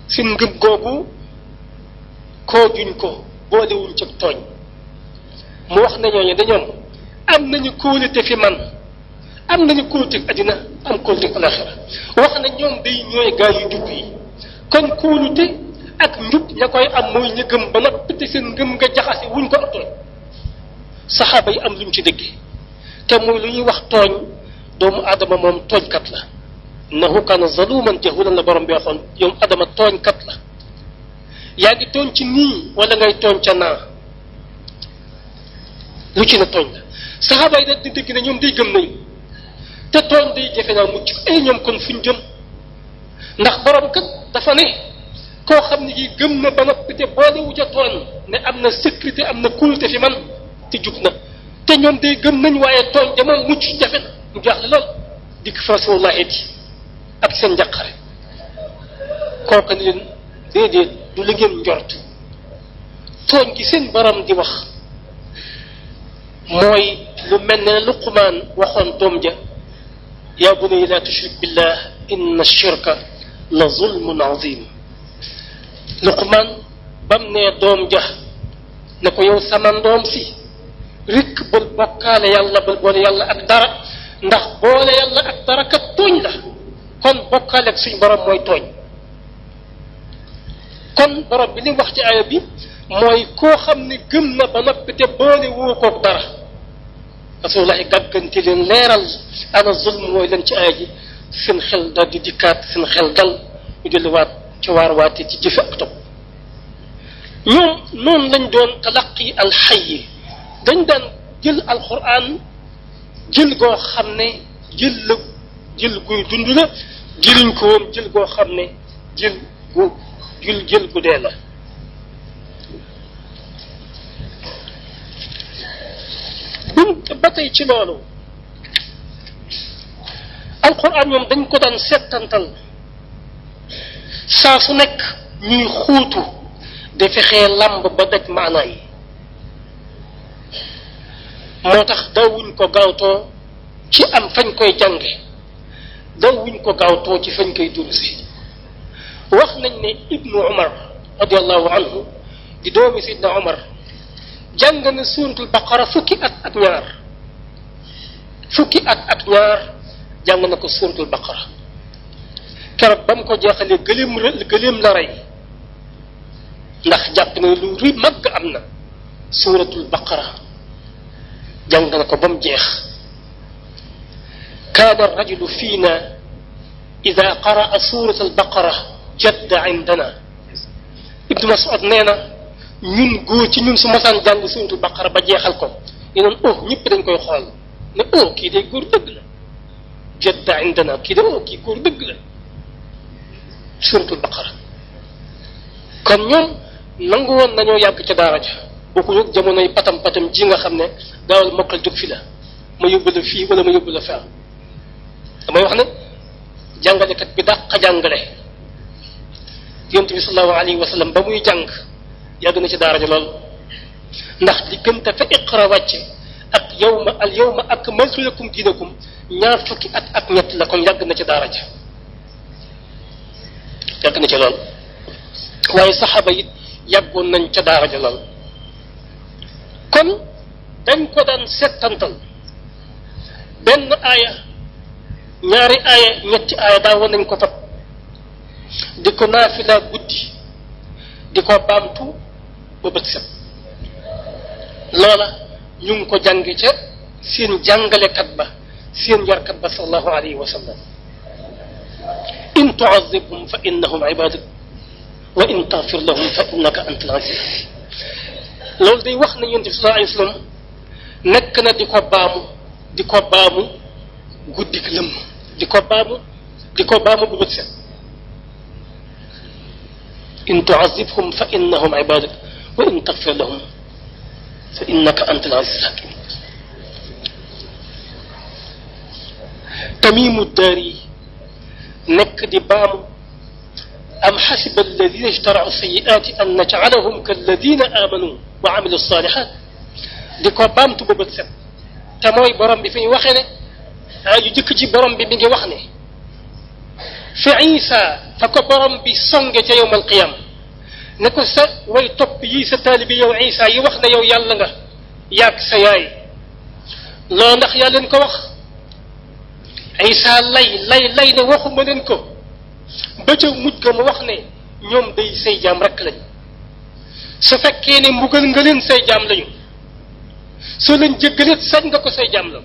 seen gëm googu xoojuñ ko boolewuñ ci tooñ mu wax na ñooñu dañoon am nañu kóolute fi man am nañu politique àddina am politique alaxira wax na ñoom day kóolute ak njub ña koy am mooy ñu gëm ba noppi te seen ngëm nga jaxase wuñ ko atul saxaaba yi am luñ ci dëgg te muy lu ñuy wax tooñ doomu adama moom tooñkat la innahu kaana zaluman jahulan la borom beexoon waxoon yow adama tooñkat la yaa ngi tooñ ci nii wala ngay tooñ ca naa lu ci na tooñ la saxaaba yi nag di dëgg ne ñoom day gëm nañu te tooñ day jafe naa mucc ay eh, ñoom kon fu ñu jëm ndax borom kat dafa ne koo xam ne ji gëm na ba noppi te boolewu ca tooñ ne am na sécurité am na kóolute fi man te jub na te ñoom day gëm nañ waaye tooñ dama mucc jafe na mu jaaxle lool dikk fasulaa it ak seen njaqare kooka ni leen déedéet du li ngeen njort tooñ gi seen borom di wax mooy lu mel ne Luqmaan waxoon doom ja yaa bunayya laa tushrik billah inna shirka la zulmun azim luqman bam nee doom ja ne ko yow sama ndoom si rikk bul bokkaale yàlla bul boole yàlla ak dara ndax boole yàlla ak dara kat tooñ la kon bokkaale ak suñ borom mooy tooñ kon borom bi li wax ci aaya bi mooy koo xam ne gëm na ba noppi te boole woo koog dara rasulullahi gàgganti leen leeral ana zulm mooy leen ci aay ji seen xel daal di dikkaat seen xel dal ñu delluwaat ci waar waate ci jëfe ak topp ñoom noonu lañ doon talaqi alxay yi dañ daan jël alquran jël goo xam ne jël la jël guy dund la ko woon jël goo xam ne jël gu jël la bunt ba tey ci loolu alquran moom dañ ko daan settantal saa su nekk ñuy xuutu di fexee làmb ba daj maanaa yi moo tax daawuñ ko gaawtoo ci am fañ koy jànge daawuñ ko gaawtoo ci fañ koy dursi wax nañ ne ibnu umar radiallahu anhu di doomi sidna umar jàng na suuratul baqara fukki at ak ñaar fukki at ak ñaar jàng na ko suuratul baqara keroog ba mu ko jeexalee gëléem gëléem la rey ndax jàpp ne lu ri mag am na suuratul baqara jàng na ko ba mu jeex kaana rajulu fiina ida qaraa suuratul baqara jadda indana ibnu masud nee na ñun góor ci ñun su masaan jàng suuratul baqara ba jeexal ko ñu naan oh ñëpp dañ koy xool ne oh kii day góor dëgg la jadda indana kii de oh, kii góor dëgg la suuratul baqara kon ñoom nangu woon nañoo yàgg ca daara ja bokku jóg jamonoy patam patam ji nga xam ne daawal mokkal jóg fi la ma yóbbu la fii wala ma yóbbu la faa damay wax ne jàngalekat bi dàq a jàngale yonent bi sallallahu alayhi wa sallam ba muy jàng yàgg na ci daara ji lool ndax diggante fa iqra wàcce ak yawma ak yawma akmaltu lakum diinakum ñaar fukki at ak ñett la kon yàgg na ci daara ji yàgg na ci lool waaye saxaaba it yàggoon nañ ca daara ja kon dañ ko daan settantal benn aaya ñaari aaya ñetti aaya daawoon nañ ko fab di ko naafila guddi di ko baamtu ba bët set loola ñu ngi ko jànge ca seen jàngalekat ba seen yarkat ba sallallahu alayhi wa sallam in tuazibhum fa innahum ibaduk wa in taghfir lahum fa innaka antal aziz loolu day wax na yonent bi sallallahu alayhi wa sallam nekk na di ko baamu di ko baamu guddik lëmm di ko baamu di ko baamu bu bët set in tuazibhum fa innahum ibaduk wa in tagfir lahum fa innaka anta al aziz al hakim tamimu daari nekk di baamu am xasiba alladina ijtaracu sayiaati an najcalahum kalladina amanu wa amilu salihat di ko baamtu ba bët set te mooy borom bi fi ñu waxee ne ah yu jëkk ci borom bi mi ngi wax ne fa isa fa ko borom bi songe ca yowm alqiyama ne ko sa way topp yi sa taalibi yow Isa yi wax na yow yàlla nga yàgg sa yaay loolu ndax yaa leen ko wax Isa lay lay lay ne waxuma leen ko ba ca mujj ga mu wax ne ñoom day say jaam rek lañ su fekkee ne mbugal nga leen say jaam lañu soo leen jéggalit sañ nga ko say jaam la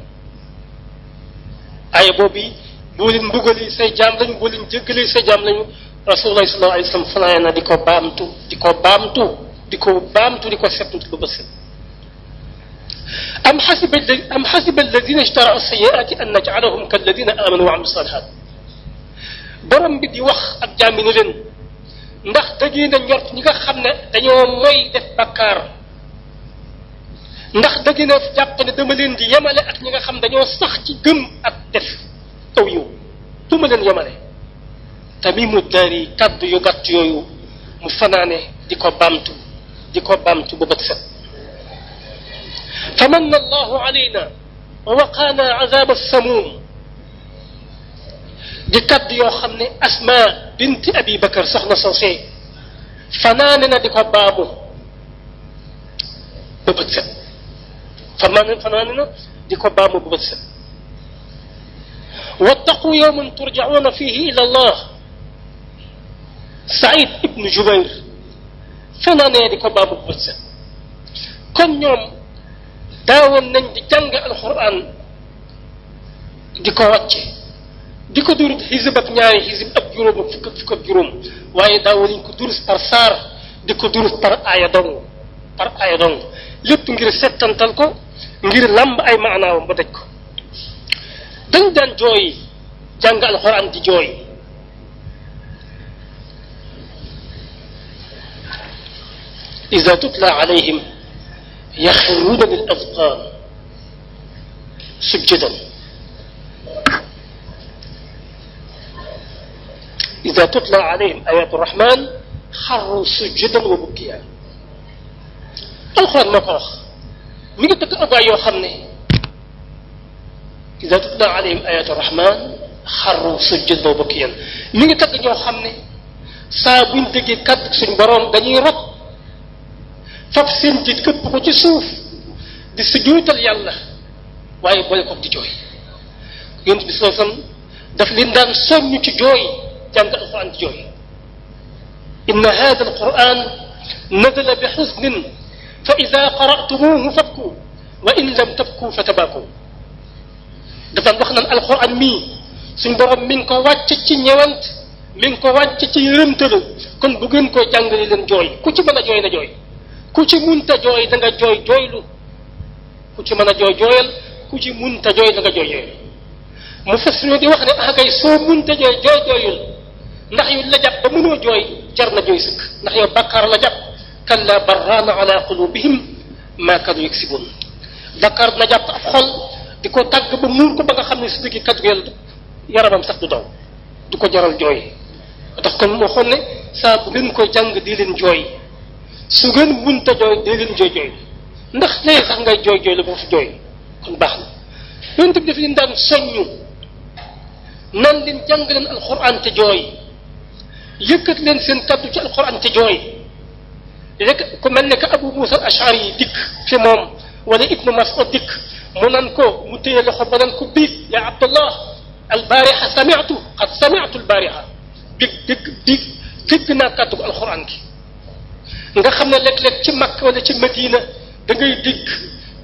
ay boobu boo leen mbugalee say jaam lañu boo leen jéggalee say jaam lañu rasulullah sallallahu alayhi wasallam fanaane na di ko baamtu di ko baamtu di ko baamtu di ko seetlu di ko bës am xasiba am xasiba alladina ijtaraau sayiati an najcalahum kalladina amanu wa amilu salihat borom bi di wax ak jàmbi ni leen ndax dangeen a ñort ñi nga xam ne dañoo mooy def bakkaar ndax dangeen a jàpp ne dama leen di yemale ak ñi nga xam dañoo sax ci gëm ak def aw yiw du ma leen yemale tamimu daar yi kaddu yu gàtt yooyu mu fanaane di ko baamtu di ko baamtu bu bët set fa manna allahu alayna wa waqaana azab alsamuum di kaddu yoo xam ne asma binti abi bakar soxna soosee fanaane na di ko baamu bu bët set fanaane fanaane na di ko baamu bu bët set wattaqu yawman turjacuuna fihi ila allah Saïd ibnu Jubayr fanaanee di ko baabu bët kon ñoom daawoon nañ di jàng alxuraan di ko wàcce di ko durut xisib ñaari xisib ak juróom ak fukk ak waaye daawoon ko durus par saar di ko durus par aaya dong par lépp ngir settantal ko ngir làmb ay maanaawam ba daj ko dañ daan jooy jàng alxuraan di jooy إذا تتلى عليهم يخرون للأذقان سجدا إذا تتلى عليهم آيات الرحمن xarru sujjadan wa bukkiya alxuraan moo ko wax mi ngi tëkk abaay yoo xam ne ida tutla alayhim ayatu rahman xarru sujjadan wa bukkiyan mi ngi tëkk ñoo xam ne saa buñ déggee kàddu suñ boroom dañuy rot fab seen jiit këpp ko ci suuf di sujjóotal yàlla waaye boole ko di jooy yonent bi daf leen daan soññ ci jooy jàng alquran di jooy inna hadha alquran nazala bi huznin fa ida qaratumuhu fabku wa in lam tabku fatabaku dafa wax naan alquran mii suñ borom mi ngi ko wàcc ci ñewant mi ko wàcc ci yërëmtël kon bu gën koo jàngale leen jooy ku ci mën a jooy na jooy ku ci munta jooy da nga jooy jooylu ku ci mën a jooy jooyal ku ci munta jooy da nga jooy jooylu mu fas ñu di wax ne ah kay soo munta jooy jooy jooyul ndax yu la jàpp ba mënoo jooy jar na jooy sëkk ndax yow bàkkaar la jàpp kalla barraana ala qulubihim maa kadu yaksibuun bàkkaar dina jàpp ab xol di ko tàgg ba ko ba nga xam ne su dëgg kaddu yaramam sax du daw du ko jaral jooy tax kon moo xool ne saa bu jàng di leen jooy su ngeen munta jooy dee leen jooy jooy ndax tey sax ngay jooy jooy la bu fi jooy kon baax na yonent bi daf leen daan soññu nan leen jàng leen alxuraan te jooy yëkkat leen seen kàddu ci alxuraan te jooy rek ku ne que Abu Muusa al-Ashari yi dikk fi moom wala Ibnu Mas'ud dikk mu nan ko mu téye loxo ba nan ko biig yaa Abdallah albaariha sami'tu qad sami'tu albaariha dig dig dig dégg naa kàddu alxuraan gi nga xam ne léeg-léeg ci Makka wala ci Madina da ngay dégg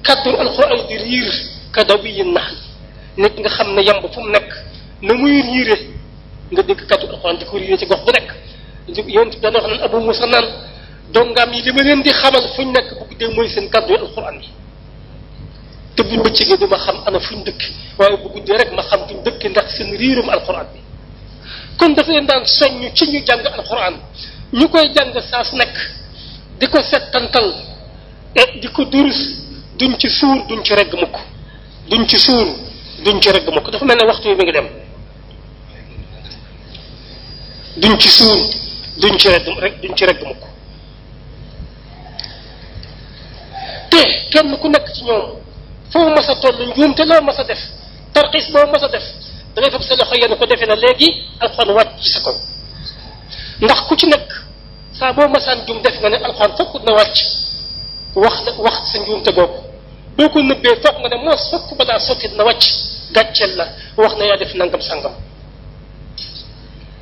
kàddu alxuraan di riir ka daw yi naan nit nga xam ne yamb fu mu nekk na muy riire nga dégg kàddu alxuraan di ko riire ci gox bu nekk. yoon dana wax naan Abu Musa naan dongaam yi li ma leen di xamal fu nekk bu guddee seen kàddu alxuraan yi te bu bëccëgee xam ana fu ñu dëkk waaye bu guddee rek ma xam fu ñu ndax seen riirum alxuraan bi. kon dafa leen daan soññ ci ñu jàng alxuraan ñu koy jàng saa su nekk. di ko settantal di ko durus duñ ci suur duñ ci regg mukk duñ ci suur duñ ci regg mukk dafa mel ne waxtu wi mi ngi dem duñ ci suur duñ ci regg rek duñ ci regg mukk te kenn ku nekk ci ñoom foo mas a toll njuumte loo mas a def tarxiis boo ma a def da ngay fab sa loxo yenn ko defee na léegi alxuraan wàcc ci sa kaw ndax ku ci nekk saa boo masaan jum def nga ne alxuraan fokk na wàcc wax wax sa njuumte boobu boo ko nëbbee foog nga ne moos fokk balaa sotti na wàcc gàcceel la wax na yaa def nangam sangam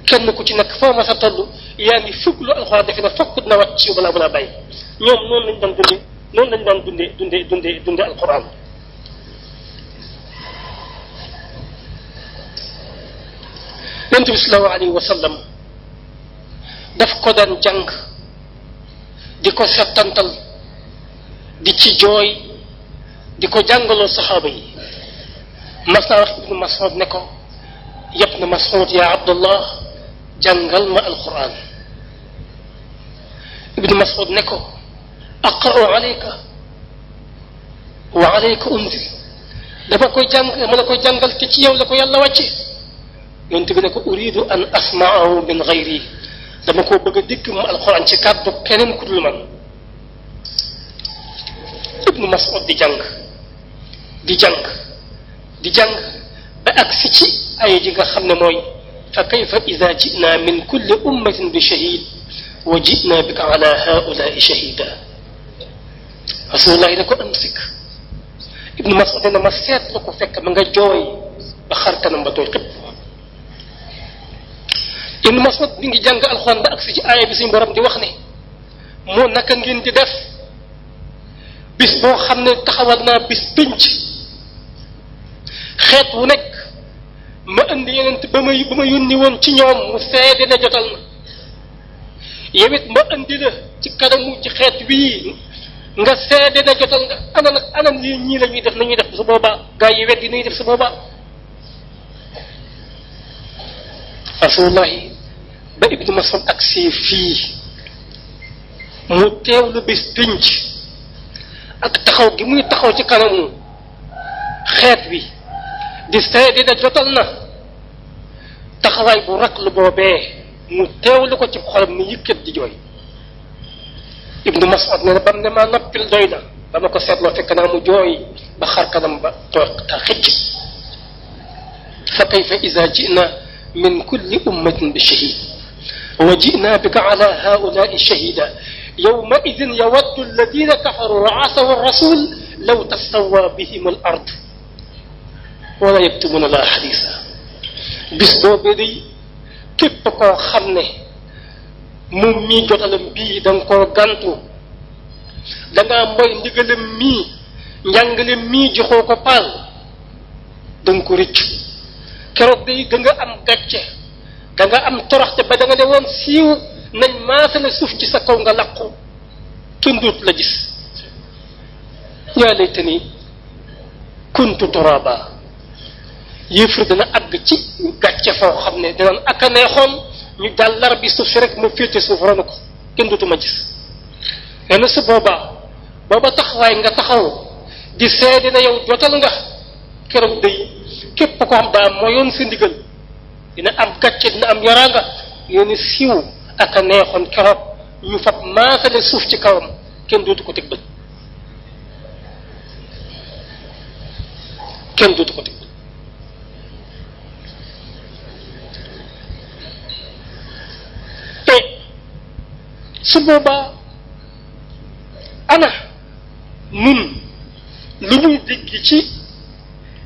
kenn ku ci nekk foo masa toll yaa ngi fukk lu alxuraan defe ne fokk na wàcc yow balaa balaa bàyyi ñoom noonu lañ daan dundee noonu lañ daan dundee dundee dundee dundee alxuraan yonent bi sallallahu alayhi wa sallam daf ko dan jàng di ko settantal di ci jooy di ko jàngaloo saxaaba yi mas naa wax ibnu masud ne ko yëpp na masud yaa abdullah jàngal ma alquran ibnu masud ne ko aqra'u alayka wa alayka unzil dama koy jàng dama la koy jàngal te ci yow la ko yàlla wàcce yonent bi ne ko an asma'ahu min ghayri dama ko bëgg a dikk mu alxuraan ci kàddu keneen ku dul man ibnu di jàng di jàng di jàng ba agsi ci ay ji nga xam ne mooy fa kayfa ida jinaa min kulli ummatin bi shahid wa jinaa bika ala haulaai shahida rasulullahi ko amsik ibnu mas'ud ne ma ko fekk ma nga jooy ba xar kanam ba tooy Ibn Mas'ud mi ngi jàng alxuraan ba agsi ci aaya bi suñu borom di wax ne moo naka ngeen di def bis boo xam ne taxawal naa bis pénc xeet wu nekk ma indi yenent ma ba woon ci ñoom mu seede ne jotal na it ma indi la ci kanamu ci xeet wii nga seede ne jotal nga ana nag ñii la def nañuy def su boobaa gaa yi weddi nañuy def su boobaa rasulullahi ba Ibnu Mas'ud ak si fii mu teewlu bis ak taxaw gi muy taxaw ci kanamu xeet bi di seede da jotal na taxawaay bu rak lu boobee mu teewlu ko ci xolam ni yëkkat di jooy Ibnu Mas'ud ne ba mu ne maa noppil doy na ba ma ko seetloo fekk naa mu jooy ba xar kanam ba toog ta xëcc fa kayfa ji'na min kulli ummatin bi wa ji'naa bika alaa haa'ulaa'i shahiidaa yawma'izin yawaddu allaziina kafaruu wa aasaw ar-rasuul law tasawwaa bihim al-ard wa laa yaktubuuna Allaaha hadiisaa bis boobee day képp koo xam ne moom mii jotalam bii da nga koo gàntu da ngaa mooy ko da nga ko am gàcce. da nga am toroxte ba da nga ne woon siiw nañ maasale suuf ci sa kaw nga laqu tunduut la gis yaa laytani kuntu turaba yéefar dana àgg ci gàcce foo xam ne danaan ak a neexoon ñu daal lar bi suuf si rek mu féete suuf ronu ko kenn dutuma gis nee na su boobaa booba taxawaay nga taxaw di seede na yow jotal nga keroog day képp ko xam daa mooyoon sa ndigal dina am gàcce dina am yoraanga yéen siiw ak a neexoon keroog ñu fab maasale suuf ci kawam kenn dootu ko teg bët kenn dootu ko teg bët te su ana nun lu ñuy dégg ci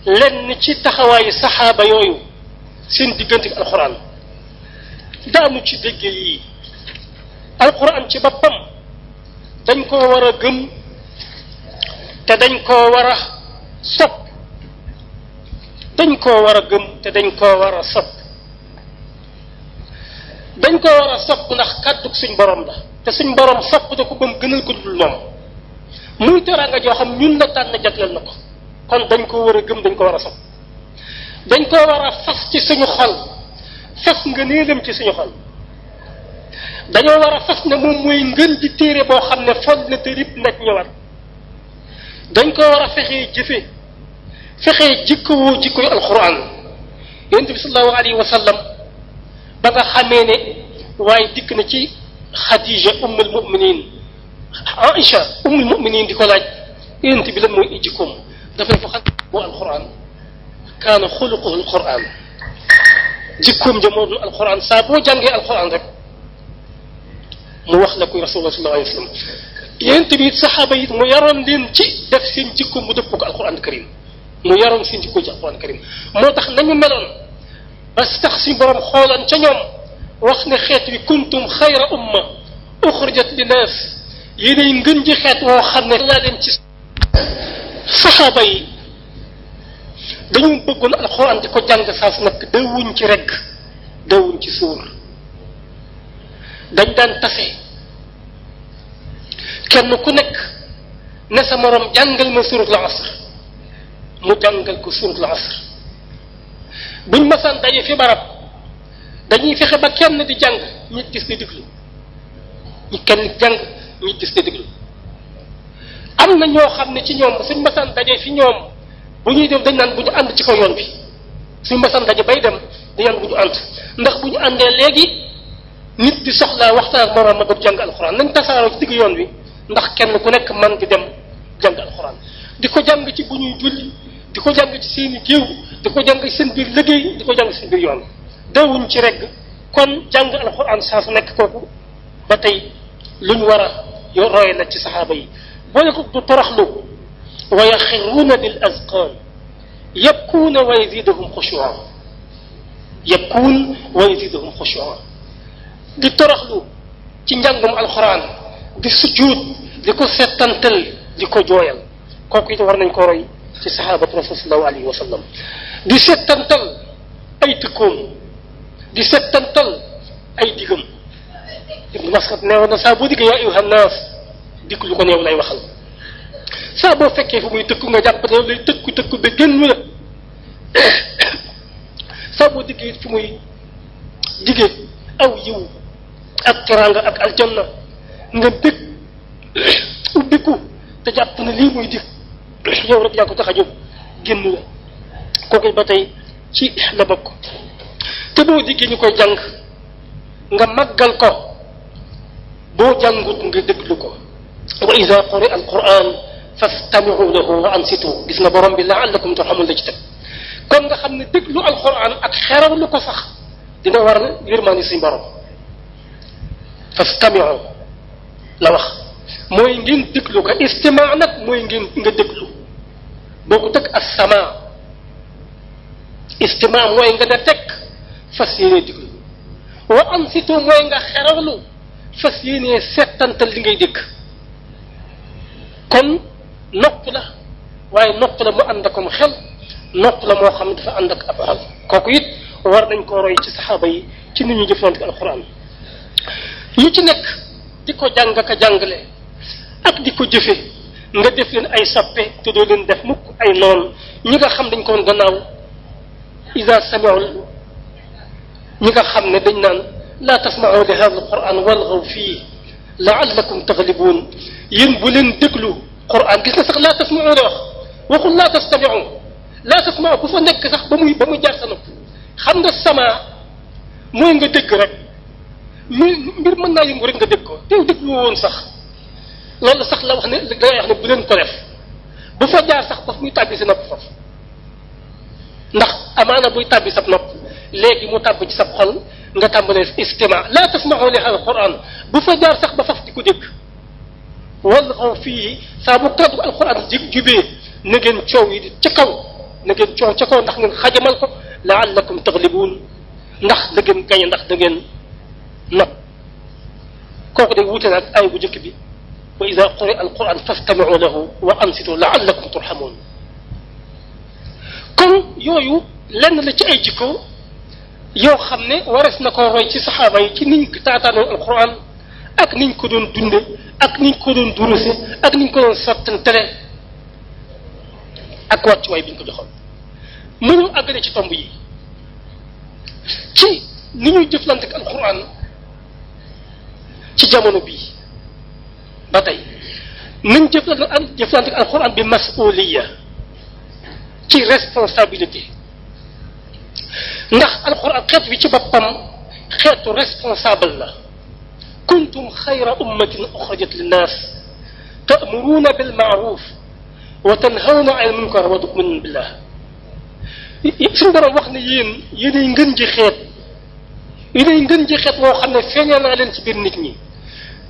lenn ci taxawaayu saxaaba yooyu seen diggante ak alxuraan daanu ci déggee yii alxuraan ci boppam dañ koo war a gëm te dañ koo war a sopp dañ koo war a gëm te dañ koo war a sopp dañ koo war a sopp ndax kàddu suñ borom la te suñ borom sopp da ko bam gënal ko dul moom muy teraanga joo xam ñun la tànn jagleel na ko kon dañ koo war a gëm dañ ko war a sopp dañ ko war a fas ci suñu xol fas nga néelam ci suñu xol dañoo war a fas ne moom mooy ngën di téere boo xam ne foog na tërib nag ñëwaat dañ ko war a fexee jëfe fexee jikkowoo jikkoy alquran yonent bi sallallahu alayhi wa sallam ba nga xamee ne waaye dikk na ci xadija ummul muminin aïcha ummul muminin di ko laaj yonent bi lan mooy jikkoom dafay fa xam bu alquran kaana xuluquhu alquran jikkoom ja moo dul alquran saa boo jàngee alquran rek mu wax la kuy rasulullah sallallahu alayhi wa sallam yéen tamit saxaaba yi mu yaroon leen ci def seen jikko mu dëpp ko alquran karim mu yaroon seen jikko ci alquran karim moo tax nañu meloon ba tax si borom xooloon ca ñoom wax ne xeet wi kuntum xayra umma uxrijat linnaas yéenay ngën ji xeet woo xam ne laa leen ci saxaaba yi dañu bëggoon alxuraan di ko jàng saa nag nekk ci regg dawuñ ci suur dañ daan tase kenn ku nekk ne sa moroom jàngal ma suratul asr mu jàngal ko suratul asr buñ masaan daje fi barab dañuy fexe ba kenn di jàng ñi gis di diglu ñi kenn jàng ñi gis di diglu am na ñoo xam ne ci ñoom suñ masaan daje fi ñoom bu ñuy dem dañ naan bu ñu ànd ci kaw yoon bi suñu mbasan daje bay dem dañ naan bu ñu ànd ndax bu ñu àndee léegi nit di soxlaa waxtaan ak moroom ma ba jàng alxuraan nañ tasaaroo ci digg yoon bi ndax kenn ku nekk man di dem jàng alxuraan di ko jàng ci bu ñuy julli di ko jàng ci seeni géew di ko jàng ci seen biir liggéey di ko jàng ci seen biir yoon dawuñ ci regg kon jàng alxuraan saa su nekk kooku ba tey lu ñu war a roy la ci saxaaba yi boole ko du toroxlu wa yaxirruuna lil azqaan yabkuuna wa yaziiduhum xushuuan yabkuun wa yaziiduhum xushuuan di toroxlu ci njàngum alxuraan di sujjuud di ko di ko jooyal kooku it war nañ ko roy ci saxaaba rasul sallallahu alayhi wa di settantal ay tëkkoom di settantal ay digam ibnu masxad neewoon na saa boo digg yaa ayyuha nnaas dikk ko neew lay waxal saa boo fekkee fu muy tëkku nga jàpp te lay tëkku tëkku ba génn la saa boo diggee fu muy diggee aw yiw ak teraanga ak aljanna nga dëkk ubbiku te jàpp ne lii muy dig yow rek yaa ba te boo diggee ñu koy jàng nga màggal ko boo jàngut nga déglu ko wa iza quri al quran fastami'u lahu wa ansitu gis nga borom bi la'allakum turhamun la ci teg kon nga xam ne déglu alquran ak xerawlu ko sax dina war yërmaani suñu borom fastami'u la wax mooy ngeen déglu ko istima' nag mooy ngeen nga déglu boo ko teg as-sama' mooy nga da teg fas yéenee déglu wa ansitu mooy nga xerawlu fas yéenee settantal li ngay dégg nopp la waaye nopp la mu ànd akom xel nopp la moo xam dafa ànd ak ab xel kooku it war nañ koo roy ci saxaaba yi ci nit ñu jëflante alquran ci nekk di ko jàng ka jàngale ak di ko jëfe nga def leen ay sappe te doo leen def mukk ay noon ñi nga xam dañ ko woon gannaaw isa samiul ñi nga xam ne dañ naan laa tasma'u li hadha alquran walghaw fii la'allakum taghlibuun bu leen déglu quran gis nga sax laa tasmau la wax waxul laa tastamiu laa tasmau ku fa nekk sax ba muy ba muy jaar sa nopp xam nga sama mooy nga dégg rek mi mbir mën naa yëngu rek nga dégg ko te déglu woon sax loolu sax la wax ne da wax ne bu leen ko def bu fa jaar sax daf muy tàbbi sa nopp foofu ndax amaana buy tàbbi sa nopp léegi mu tàbb ci sab xol nga tàmbalee istima laa tasmau li hada quran bu fa jaar sax ba faf di ko dégg waz'u fii saa bu kaddu alxuraan ji jubee na ngeen coow yi ca kaw na ngeen coow ca ndax ngeen xajamal ko la'allakum taxlibuun ndax da ngeen ndax da ngeen not kooku day wuute naag ay bu njëkk bi wa ida quri'a alquran fastami'u lahu wa ansitu la'allakum turhamuun kon yooyu lenn la ci ay jikko yoo xam ne warees na ko roy ci saxaaba yi ci niñ taataanoo ak niñ ko doon dunde ak niñ ko doon duruse ak niñ ko doon sattantale ak wàccuwaay bi ñu ko joxoon mënul àggale ci tomb yi ci ni ñuy jëflante ak alquran ci jamono bii ba tey nañ jëflante ak jëflante ak alquran bi masuliya ci responsabilité ndax alquran xeet bi ci boppam xeetu responsable la kuntum xayra ummatin uxrajat linnaas ta'muruuna bil ma'ruuf wa tanhawna anil munkar wa tu'minuuna billah suñu borom wax ne yéen yi ngën ji xeet yéenay ngën ji xeet woo xam ne feeñal naa leen ci biir nit ñi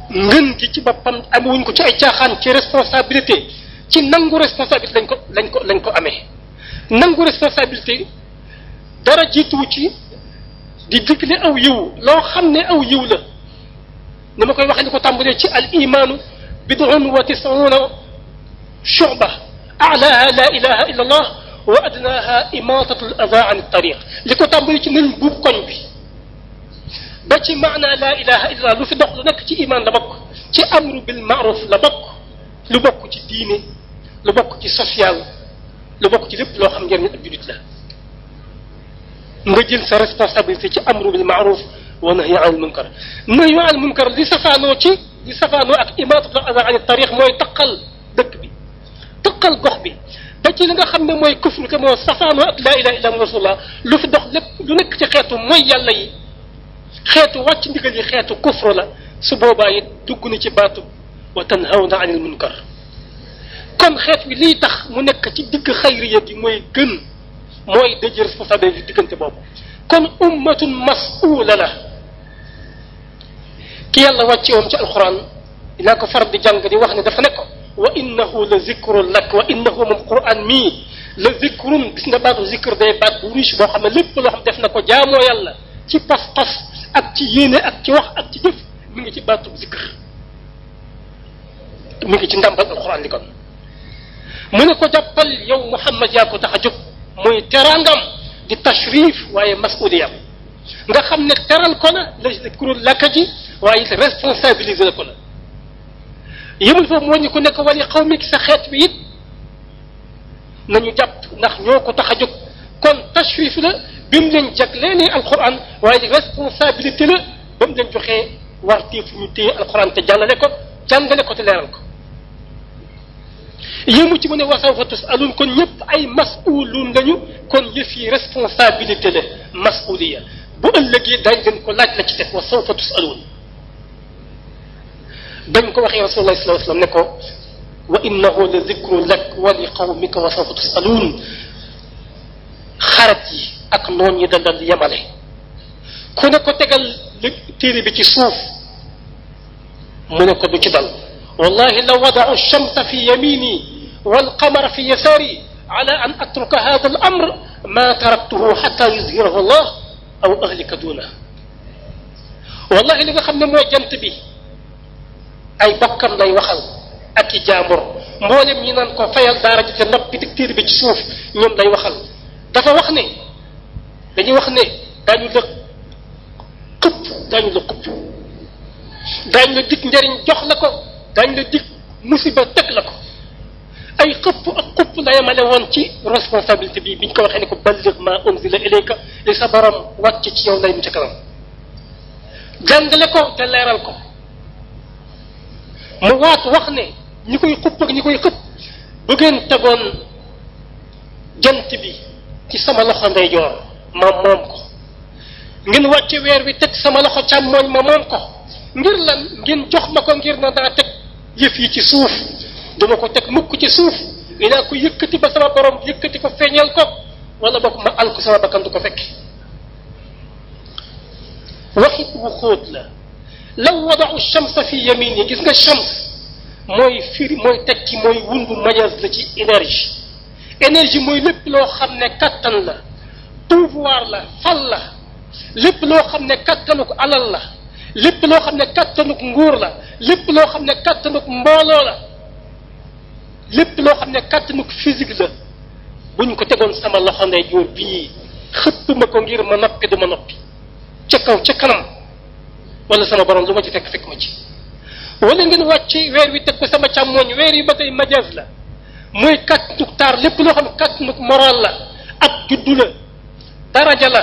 ngën gi ci boppam amewuñ ko ci ay caaxaan ci responsabilité ci nangu responsabilité lañ ko lañ ko lañ ko amee nangu responsabilité dara jiituwu ci di digle aw yiw loo xam ne aw yiw la. ni ma koy waxee ni ko tàmbalee ci al imaanu bid'un wa tis'una shu'ba a'laha la ilaha illa allah wa adnaha imatatu al ada an tariq li ko tàmbalee ci nañ buub koñ bi ba ci maana la ilaha illa allah lu fi dox lu nekk ci imaan la bokk ci amru bil ma'ruf la bokk lu bokk ci diine lu bokk ci social lu bokk ci lépp loo xam njëriñu ab julit la nga jël sa responsabilité ci amru bil ma'ruf wa nahyi anil munkar nahyu anil munkar li safaanoo ci li safaanoo ak imaatatul adaa ani tariix mooy taqal dëkk bi taqal gox bi te ci li nga xam ne mooy kufru te moo safaanoo ak laa ilaaha illallaah rasulullah lu fi dox lépp lu nekk ci xeetu mooy yàlla yi xeetu wàcc ndigal yi xeetu kufru la su boobaa it dugg na ci baatu wa tanhawna anil munkar kon xeet bi liy tax mu nekk ci digg xayriya bi mooy gën mooy dëj responsabilité diggante boobu kon ummatun mas'uula la ki yàlla wàcce woon ci alquran dinaa ko far di jàng di wax ne dafa ne ko wa innahu la zikrun lak wa innahu moom quran mii la zikrun gis nga baatu zikr day baat bu boo xam ne lépp loo def na ko jaamoo yàlla ci pas-pas ak ci yéene ak ci wax ak ci jëf mi ngi ci baatu zikr mi ngi ci ndàmbal alquran li mu ne ko jàppal yow Muhammad yaa ko tax a jóg mooy teraangam di tashrif waaye masuliyam nga xam ne teral ko na la zikrun laka ji waaye it responsabilisé na ko la yëmul foofu moo ñu ko nekk wala xaw mi sa xeet bi it nañu jàpp ndax ñoo ko tax a jóg kon tashrif la bi mu leen jaglee ne alquran waaye responsabilité la ba mu leen joxee wartiif ñu téye alquran te jàllale ko jàngale ko te leeral ko ci mu ne wasawfa tusalun kon ñëpp ay mas'ulun lañu kon yëf yi responsabilité la mas'uliya bu ëllëgee daañu leen ko laaj la ci def wasawfa tusalun bañ ko waxee rasulullah sallallahu alayhi wasallam ne ko wa innahu la zikru lak wa li qawmika wa sawfa tusaluun xarat yi ak noon yi dalal yemale ku ne ko tegal téere bi ci suuf mu ne ko du ci dal wallahi law wadau shamsa fi yamini walqamara fi yasaari ala an atruka hada al amr ma taraktuhu xata yuzhirahu allah aw ahlika duna wallahi li nga xam ne mooy jant bi ay bokkam lay waxal ak i jaambur mboolem ñi naan ko fayal daara ji ca nopp bi dictiir bi ci suuf ñoom lay waxal dafa wax ne dañuy wax ne daañu la xupp daañu la xupp daañu la dig njariñ jox la ko daañu la dig musiba teg la ko ay xëpp ak xupp la yemale woon ci responsabilité bi biñ ko waxee ne ko balligh ma unzila ilayka li sa borom wàcc ci yow lay mu ca kanam jàngale ko te leeral ko mu waat wax ne ñi koy xupp ak ñi koy xëpp bu ngeen tegoon jant bi ci sama loxo ndeyjoor ma moom ko ngeen wàcce weer wi teg sama loxo càmmooñ ma moom ko ngir lan ngeen jox ma ko ngir na naa teg yëf yi ci suuf duma ko teg mukk ci suuf dinaa ko yëkkati ba sama borom yëkkati ko feeñal ko wala bokk ma al ko sama ko fekk waxit wu xóot la law wadau chamsa fi yamin yi gis nga chams mooy firi mooy tekki mooy wundu majaz la ci énergie énergie mooy lépp loo xam ne kattan la pouvoir la fal la lépp loo xam ne kattanuk alal la lépp loo ne kattanuk nguur la lépp loo xam ne kattanuk mbooloo la lépp loo xam ne kattanuk physique la buñ ko tegoon sama loxo ndeyjoor bii xëpp ma ko ngir ma noppi duma noppi ca kaw ca wala sama borom lu ma ci fekk fekk ma ci wala ngeen wàcc weer wi teg ko sama càmmooñ weer yi ba tey majaas la muy kàttu taar lépp loo xam kàttu moral la ab juddu la daraja la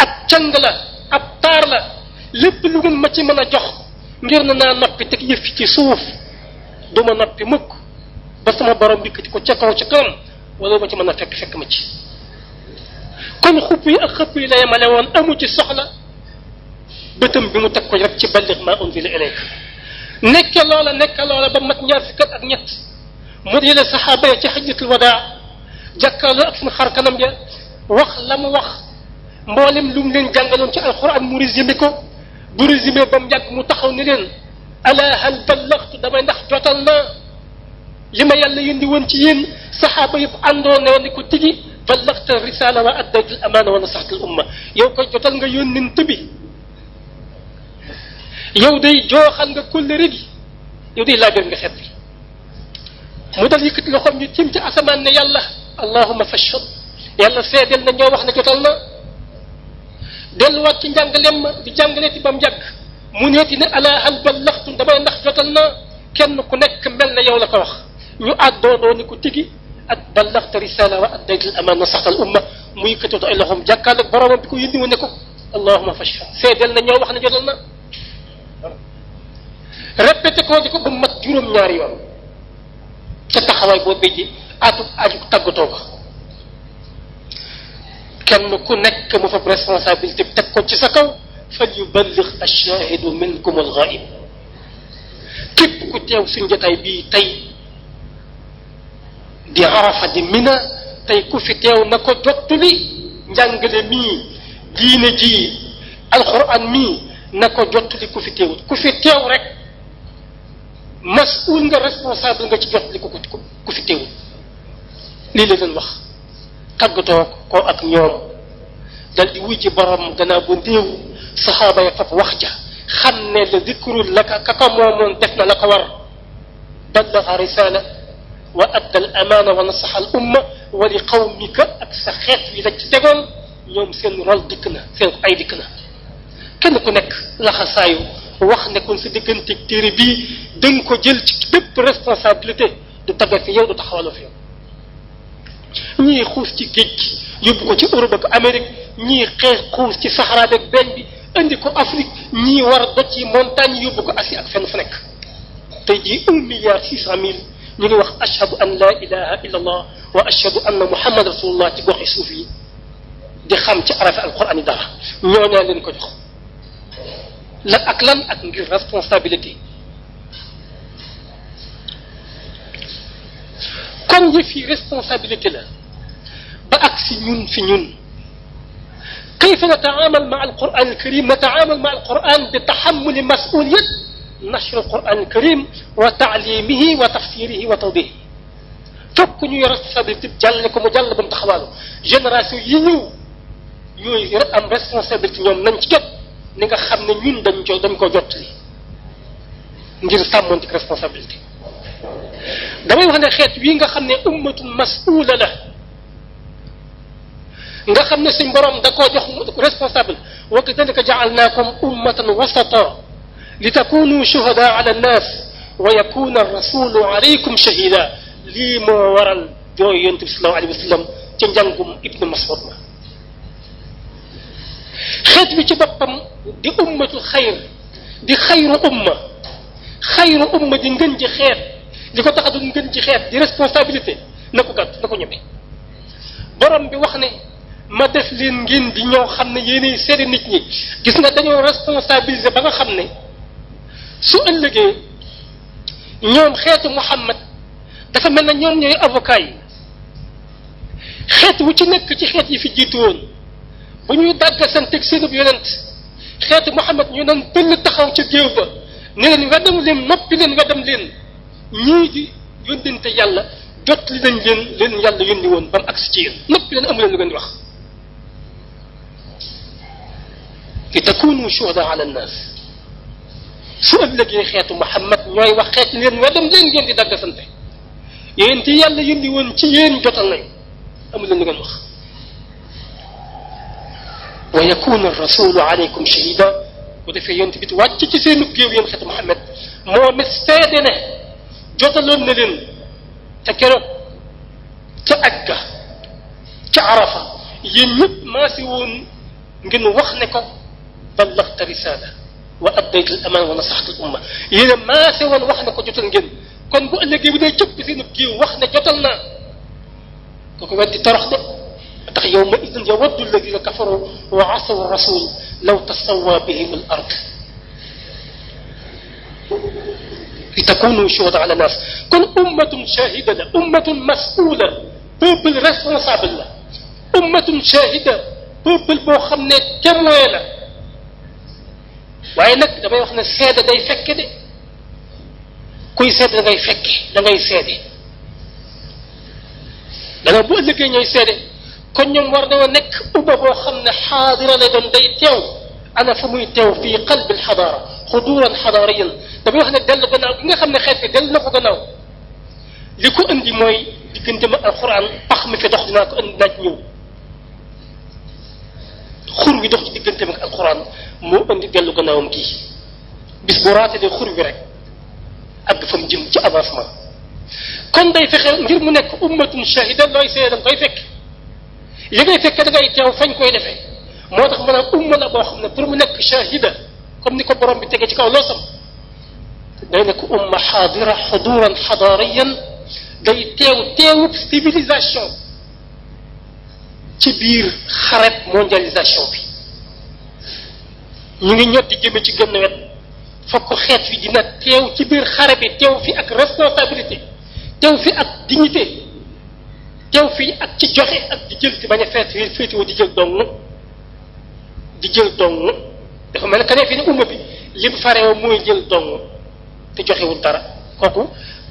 ab cang la ab taar la lépp lu ngeen ma ci mën a jox ngir na naa noppi teg yëf ci suuf du ma noppi mukk ba sama borom dikkati ko ca kaw ca kanam wala ma ci mën a fekk fekk ma ci kon xupp yi ak xëpp yi la yemale woon amu ci soxla bëtam bi mu teg ko rek ci balligh ma unzila ilayk nekk loola nekk loola ba mat ñaar fukk ak ñett mu di la saxaaba ya ci xajjatul wadaa jàkkaarloo ak suñu xar kanam ya wax la mu wax mboolem lu mu leen jàngaloon ci alxuraan mu résumé ko bu résumé ba mu yàgg mu taxaw ni leen ala hal ballaxtu damay ndax jotal naa yi ma yàlla yëndi woon ci yéen saxaaba yëpp àndoon na ni ko tigi ballaxta risala wa addaytul amaana wa nasaxtul umma yow koy jotal nga yónnin tëbi yow day jooxal nga kóllëre gi yow day laabir nga xet bi mu dal yëkkati loxoom ñu tiim ci asamaan ne yàlla allahuma fashhad yàlla seedeel na ñoo wax ne jotal na delluwaat ci njàngaleem ma di jàngaleeti ba mu yàgg mu neeti ne ala hal ballaxtu damay ndax jotal na kenn ku nekk mel na yow la ko wax ñu àddoonoo ni ko tigi ak ballaxta risala wa addaytal amaana saxtal umma mu yëkkati ay loxoom jàkkaarloog boromam bi ko yëndi ne ko allahuma fashhad seedeel na ñoo wax na répété ko di ko ba mat juróom-ñaari yoon ca taxawaay boo béjji atu aju tàggatoo ko kenn ku nekk mu fab responsabilité bi teg ko ci sa kaw yu yuballigh ash-shahidu minkum al-ghaib képp ku teew suñ jotaay bii tey di Arafa di Mina tey ku fi teew na ko jottuli njàngale mii diine ji alxuraan mii na ko jottuli ku fi teewut ku fi teew rek masul nga responsable nga ci jot li ko ko ku fi teewul lii la doon wax tàggatoo ko ak ñoom dal di wuy ci borom gannaaw ba saxaaba ya fab wax ja xam ne la zikrul la ka ka def na la ko war ballaxa risala wa adda al wa nasaxa al umma wa li qawmika ak sa wi la ci tegoon ñoom seen rol dikk na seen ay dikk na kenn ku nekk laxasaayu wax ne kon sa digganteeg téere ko jël ci bépp responsabilité du taggat fi yow du taxawaloo fi yow ñii xuus ci géej gi yóbbu ko ci Europe ak Amérique ñii xeex xuus ci Sahara ak benn bi indi ko Afrique ñii war doj ci montagne yóbbu ko Asie ak fenn fu nekk tey jii un milliard wax ashhadu an la ilaha illa allah wa ashhadu anna muhammad rasulullah ci gox i suuf yi di xam ci arafe alquran yi dara ñoo ñaa leen ko jox lan ak lan ak ngir responsabilité kon yëf yi responsabilité la ba ak si ñun fi ñun kayfa nataamal ma alquran alkarim nataamal ma alquran bi taxamuli masuliyat nashr alquran alkarim wa taalimihi wa tafsirihi wa tawdihi fokk ko mu jàll ba mu taxawaalu génération yi ñëw ñooy am responsabilité ñoom nañ ci ni nga xam ne ñun dañ ko dañ ko jot li ngir sàmmoon ci responsabilité wax ne xeet wi nga xam ne ummatun mas'uula la nga xam ne suñ borom da koo jox responsable wa kadalika ja'alnaakum ummatan wasata li takunu shuhadaa ala nnaas wa yakuna rasulu alaykum shahida lii moo waral jooy yonent bi sallallahu alayhi wa sallam ci njàngum ibnu mas'ud ma xeet bi ci boppam di ummatu xayr di xayru umma xayru umma di ngën ji xeet li ko tax a ngën ji xeet di responsabilité na ko gàtt na ko ñeme borom bi wax ne ma def leen ngeen di ñoo xam ne yéenay seede nit ñi gis nga dañoo responsabiliser ba nga xam ne su ëllëgee ñoom xeetu Muhammad dafa mel na ñoom ñooy avocat yi xeet wu ci nekk ci xeet yi fi jiitu woon bu ñuy dàgga seen teg seenub yonent xeetu Muhammad ñu naan pëll taxaw ca géew ba ne leen weddam leen noppi leen weddam leen ñii di yónnente yàlla jot li nañ leen leen yàlla yónni woon ba mu agsi ci yéen noppi leen amu leen lu ngeen di wax li takunu shuhada ala nnaas su ëllëgee xeetu Muhammad ñooy wax xeet leen weddam leen ngeen di dàgga sante yéen di yàlla yónni woon ci yéen jotal nañ amu leen lu ngeen wax wa yakunu rasulu aleykum shahida bu defee yonent bi wàcc ci seenu géew yéen xeet Muhammad moo ne seede ne jotaloon na leen te keroog ca agga ca arafa yéen ñëpp maa si woon ngeen wax ne ko ballaxta risala wa addayt al aman wa nasaxta al umma yéen a maa si woon wax ne ko jotal ngeen kon bu ëllëgee bu dee cëpp seenu géew wax ne jotal naa kooku weddi torox de ndax yow ma idin yawaddu alladina kafaru wa asaw rasul law tasawwa bihim al ard li takunu shuhada ala nas kon ummatun shahida la ummatun mas'ula peuple responsable la ummatun shahida peuple boo xam ne témoin la waaye nag damay wax ne seede day fekke de kuy seede da ngay fekke da ngay seede danga bu ëllëgee ñooy seede kon ñoom war nañoo nekk ubba boo xam ne xaadira lay doon day teew ana fu muy teew fii qalbi alxadaara xuduuran xadaariyan damay wax ne dellu gannaaw bi nga xam ne xeet bi dellu na ko gannaaw li ko indi mooy diggante ma alquran pax mi fi dox dinaa ko indi naaj ñëw xur wi dox ci diggante mag alquran moo indi dellu gannaawam kii bis de xur rek ak fa mu jëm ci kon day fexe ngir mu nekk ummatun shahida looy seedam koy fekk. li ngay fekk da teew fañ koy defee moo tax maanaam umma la boo xam ne pour mu nekk shahida comme ni ko borom bi tegee ci kaw loosam day nekk umma xaadira xuduran xadaariyan day teew teewub civilisation ci biir xaret mondialisation bi ñu ngi ñot jëme ci gën nawet fokk xeet wi dina teew ci biir xare bi teew fi ak responsabilité teew fi ak dignité teew fii ak ci joxe ak di jël di bañ a feet féetiwoo di jël dong di jël dong dafa mel ne que ne fi ne umma bi lim farewoo mooy jël dong te joxewul dara kooku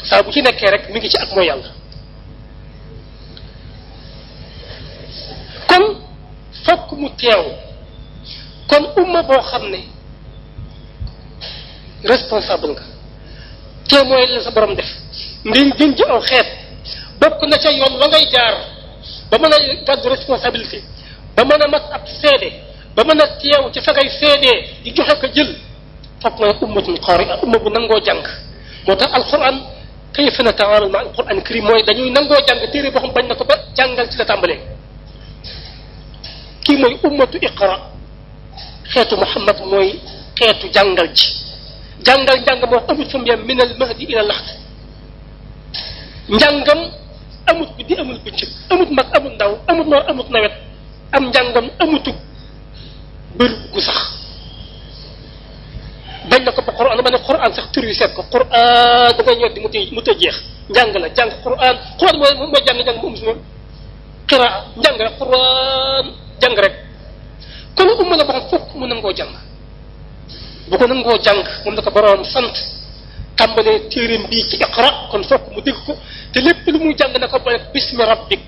saa bu ci nekkee rek mu ngi ci ak mooy yàlla kon fokk mu teew kon umma boo xam ne responsable nga te mooy la sa borom def ngeen gën ji aw xeet bokk na ca yoon wa ngay jaar ba mën a gàddu responsabilité ba mën a mat ab seede ba mën a teew ci fa ngay seedee di joxe ko jël foog mooy ummatun qaari'a umma bu nangoo jàng moo tax alquran kayfa nata'amalu ma alquran karim mooy dañuy nangoo jàng téere boo xam bañ na ko ba jàngal ci la tàmbalee kii mooy ummatu iqra xeetu muhammad mooy xeetu jàngal ji jàngal njàng moo amul fa mu yem min al mahdi ila laxd njàngam amut guddi amul bëccëg amut mag amut ndaw amut noor amut nawet am njàngam amutug bër gu sax bañ na ko ba Qur'an ba ne ko Qur'an da koy ñëw di mu tëj jeex njàng la jàng Qur'an Qur'an mooy mooy jàng jàng mu am si moom qiraa njàng rek Qur'an jàng rek kon umma la boo xam fokk mu nangoo jàng bu ko nangoo jàng moom la ko boroom sant. tàmbalee téeréem bii ci iqra kon fokk mu dégg ko te lépp lu muy jàng na ko boole bismi rabbik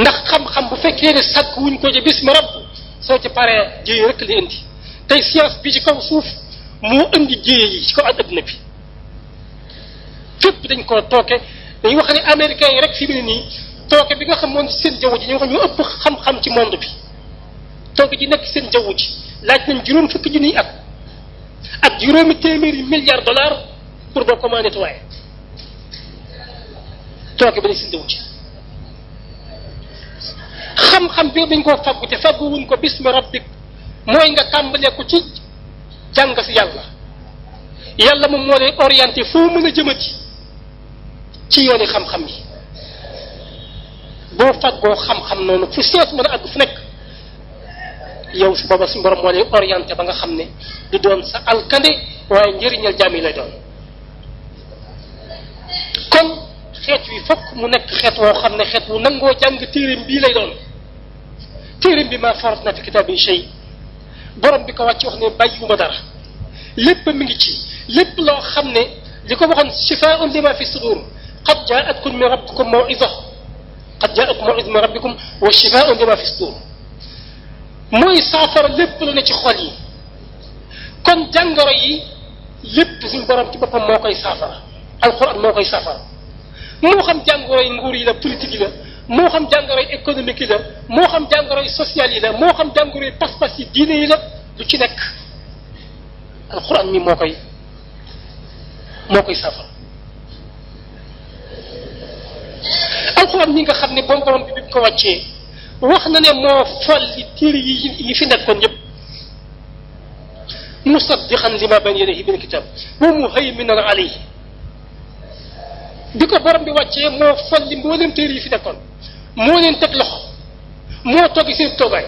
ndax xam-xam bu fekkee ne sàkk wuñ ko ci bismi rabb soo ci paree jéey rek li indi tey science bi ci kaw suuf moo indi jéey yi ci kaw àdduna bi fépp dañ ko tooke dañuy wax ne américains yi rek fi mu ne nii tooke bi nga xam moom seen jaww ji ñu wax ñu ëpp xam-xam ci monde bi tooke ji nekk seen jaww ji laaj nañ juróom ji nii at ak juróomi téeméeri milliards dollars pour boo comment nettoyer tooke ba ne si ci xam-xam bi dañ koo faggu te faggu wuñ ko bismi rabbik mooy nga tàmbalee ko ci jàng si yàlla yàlla moom moo lay orienté foo mën a jëmati ci yooni xam-xam yi boo faggoo xam-xam noonu fu seet mën a àgg fu nekk yow su booba suñu borom moo lay ba nga xam ne du doon sa alkande waaye njëriñal jaam yi lay kon xeet wi fokk mu nekk xeet woo xam ne xeet wu nangoo jàng téerim bii lay doon téerim bi maa farat na fi kitaab bi shay borom bi ko wàcc wax ne bàyyiwuma dara lépp mi ngi ci lépp loo xam ne li ko waxoon shifaa'un lima fi sudur qad jaa'atkum min ja maw'iza qad jaa'atkum maw'iza min rabbikum wa shifaa'un lima fi sudur mooy saafara lépp lu ne ci xol yi kon jàngoro yi lépp suñ borom ci boppam moo koy saafara alxuraan moo koy saafara moo xam jàngoro yi nguur yi la politique yi la moo xam jàngoro yi économique la moo xam jàngoro social yi la moo xam jàngoro yi pas-pas yi diine la lu ci nekk alxuraan koy moo koy saafara alxuraan mi nga xam ne borom bi bi ko wàccee wax na ne moo folli téere yi yi fi nekkoon yëpp musaddiqan lima bayna yadayhi min kitab wa muhayminan alayhi di ko borom bi wàccee moo folli mboolem téere yi fi nekkoon moo leen teg loxo moo toggi seen toogaay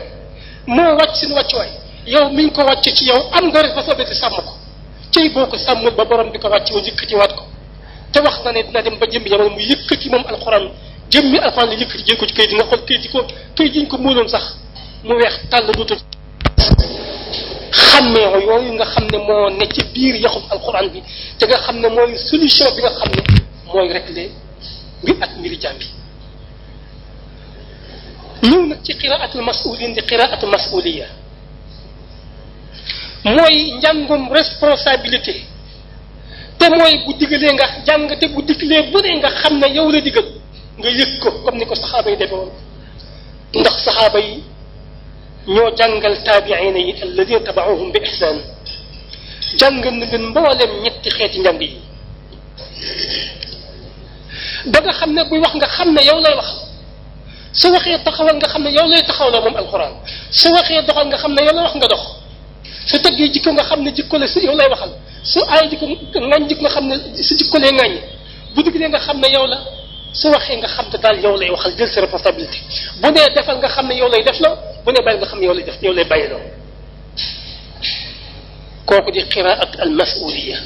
moo wàcc seen wàccuwaay yow mi ngi ko wàcce ci yow am nga responsabilité sàmm ko cey boo ko sàmm ba borom bi ko wàcce wa yëkkatiwaat ko te wax na ne dina dem ba jëm jamono mu yëkkati moom alxuraan jëmmi alxuraan la yëkkati jël ko ci kayit nga xool kayit yi ko kayit yi sax mu weex tàll duutal xàmmee nga xam ne moo ne ci biir yaxub alxuraan bi te nga xam ne mooy solution bi nga xam ne mooy régler mbir ak mbiri jaam bi ñëw nag ci qiraatul masuulin di qiraatul masuuliya mooy njàngum responsabilité te mooy bu digalee nga jàng te bu diglee bu ne nga xam ne yow la digal nga yëg ko comme ni ko saxaaba yi defe woon ndax saxaaba yi ñoo jàngal taabiina yi alladina tabaauhum bi ihsaan jàngal na leen mbooleem ñetti xeeti njàng yi ba nga xam ne buy wax nga xam ne yow lay wax su waxee taxawal nga xam ne yow lay taxawloo moom alxuraan su waxee doxal nga xam ne yow lay wax nga dox su teggee jikko nga xam ne jikko la si yow lay waxal su aay jikko ngañ jikko nga xam ne su jikko lay ngañ bu diggee nga xam ne yow la su waxee nga xam te daal yow lay waxal jël sa responsabilité bu nee defal nga xam ne yow lay def la bu nee bàyyi nga xam ne yow lay def yow lay bàyyi loo kooku di qiraat al masuliya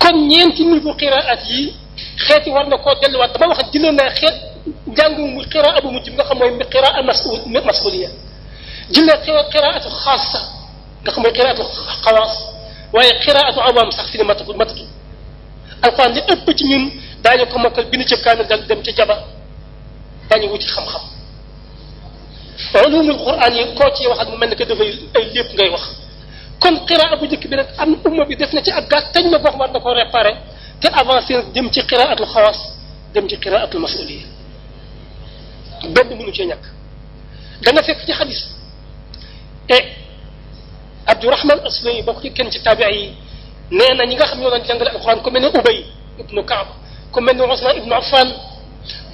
kon ñeenti niveau qiraat yi xeeti war na koo delluwaat dama wax jëloon naa xeet jàngu mu qiraa bu mujj bi nga xam mooy qiraa al masul masuliya jëlee qiraatu xaasa nga xam mooy qiraatu xawaas waaye qiraatu awaam sax fi ne matatu matatu alquran li ëpp ci ñun daañu ko mokkal bind cëb kaamil dal dem ci jaba daañu wuti xam-xam ulumul quran yi koo ci wax ak mu mel ne que dafay ay ngay wax kon xiraa bu njëkk bi nag am bi def na ci ak gàtt teñ la boo xam ne ko réparé te avancé dem ci xiraatul xawaas dem ci xiraatul masuliya benn mënu cee ñàkk da nga fekk ci xadis te Abdurahman Aslay bokk ci kenn ci tabi'a yi nee na ñi nga xam ñoo doon jàngale alquran ku mel ne Ubay ibnu Kaab ku mel ni Usman ibnu Affan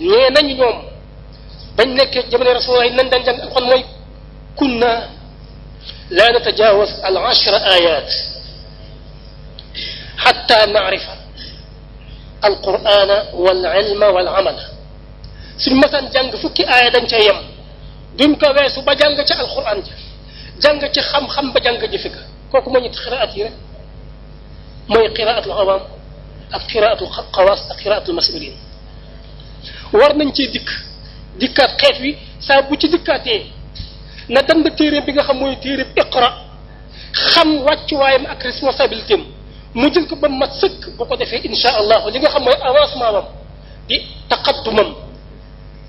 ñee nañu ñoom bañ nekkee jamono Rasulullah nañ daan jàng alxuraan mooy kunna laa natajaawaz al ashra ayat xatta naarifa alqurana wal ilma wal amala suñ masaan jàng fukki aaya dañ ca yem duñ ko weesu ba jàng ca alquran ja jàng ci xam-xam ba jàng jëfe ga kooku moo ñu xiraat yi rek mooy xiraatul awaam ak xiraatu xawaas ak xiraatul masulin war nañ ci dikk dikkaat xeet wi saa bu ci dikkaatee na dem ba téeréem bi nga xam mooy téeréem iqra xam wàccuwaayam ak responsabilité am mu jël ko ba mat sëkk bu ko defee insha allah li nga xam mooy avancement wam di taqaddumam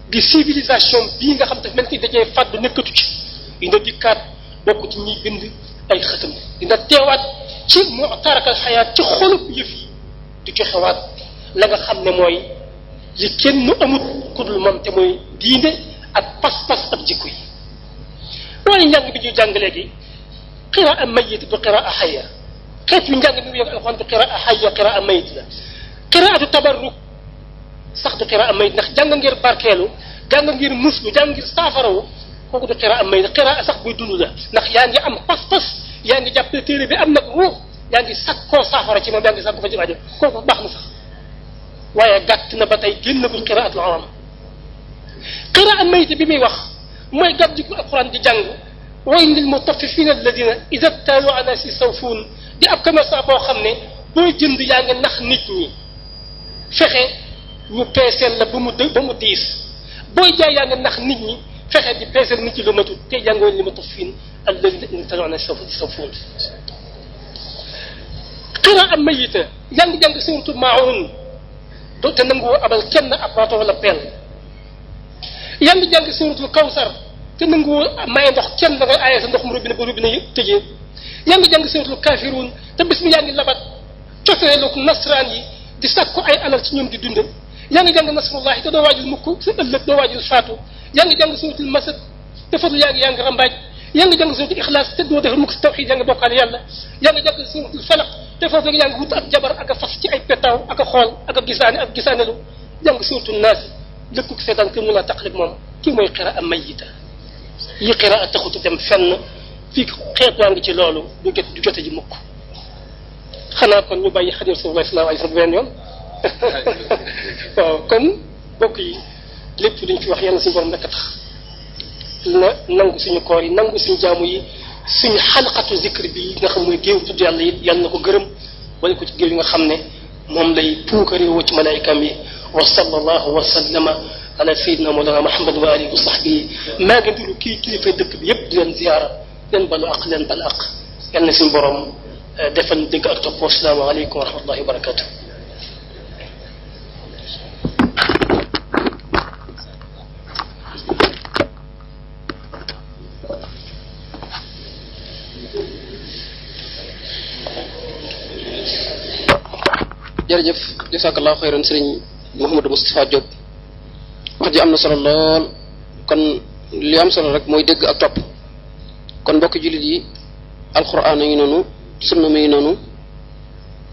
di civilisation bii nga xam te mel ni dajee fàddu nekkatu ci dina dikkaat bokk ci ñuy bind ay xëtam dina teewaat ci mu'tarakal xayaat ci xolub yëf yi di joxewaat la xam ne mooy li kenn amut ku dul moom te mooy diine ak pas-pas ak jikko yi loolu njàng bi ñu jàng léegi qiraa mayit du qiraa xaya xeet yu njàng bi mu yokk alxuraan du qiraa xaya qiraa mayit la qiraatu tabarruk sax du qiraa mayit ndax jàng ngir barkeelu jàng ngir muslu jàng ngir saafarawu kooku du qiraa mayit qiraa sax buy dund la ndax yaa am pas-pas yaa ngi jàppale téere bi am nag ruux yaa ngi sakkoo saafara ci moom yaa ngi sakko fa ci aajo kooku baax na sax waaye gàtt na ba tey génnagul qiraatul awam qiraat mayta bi muy wax mooy gàtt ji ko alquran di jàng wa innal mutaffifina alladina ida taaloo ala si sawfuun di ab commerçant boo xam ne booy jënd yaa ngi nax nit ñi fexe ñu peeseel la ba mu dë ba mu diis booy jaay yaa ngi nax nit ñi fexe di peeseel mu ñi lu matul te jàngoo li mutaffifin alladina ida taaloo ala si sawfuun xiraa am mayita jàng-jàng surtout maawun do te nanguwoo abal kenn ab waato wala peel jàng-jàng suratul kawsar te nanguwoo maye ndox kenn da nga aaye sa ndox mu robinet ba robinet tëjee jàng suratul kaafiruun te bis mi yaa ngi labat cofeeloog nasraan yi di sàkku ay alal ci ñoom di dundal yaa ngi jàng nasrullahi te doo waajul mukk sa ëllëg doo waajul faatu yaa ngi jàng suratul masad te fadlu yaa ngi yaa ngi rambaaj yaa ngi jàng suratul ixlaas te doo def mukk si te fas nag yaa ngi wut ak jabar ak a fas ci ay pétaw ak a xool ak a gisaane ak gisaaneelu jàng suurtu naas lëkkuk seetaan kër mu laa taqlib moom kii mooy xira a mayita yi xira a taxutu dem fenn fii xeet waa ngi ci loolu du jot du jote ji mukk xanaa kon ñu bay xadim rasulullah sallallahu alayhi wa sallam benn yoon waaw kon mbokk yi lépp luñ fi wax yàlla suñu borom rekk a nangu suñu koor yi nangu suñu jaamu yi suñu xalqatu zikr bi nga xam mooy géew tudd yàlla it yàlla na ko gërëm wala ko ci géew yi nga xam ne moom lay puukari woo ci malaaykaam yi wa sallallahu wa sallama ala sayyidina mawlana Muhammad wa alihi wa sahbihi maa ngi dugg kii kilifa dëkk bi yépp di leen ziyaara leen balu aq leen balu aq yal na suñu borom eh, defal dëgg ak toppoo salaamaaleykum wa rahmatullahi wa barakatuh jërëjëf jazakallahu xayran sëriñ Mouhamadou Moustapha Diop wax ji am na solo lool kon li am solo rek mooy dégg ak topp kon mbokki jullit yi alxuraan a ngi noonu sunna mi ngi noonu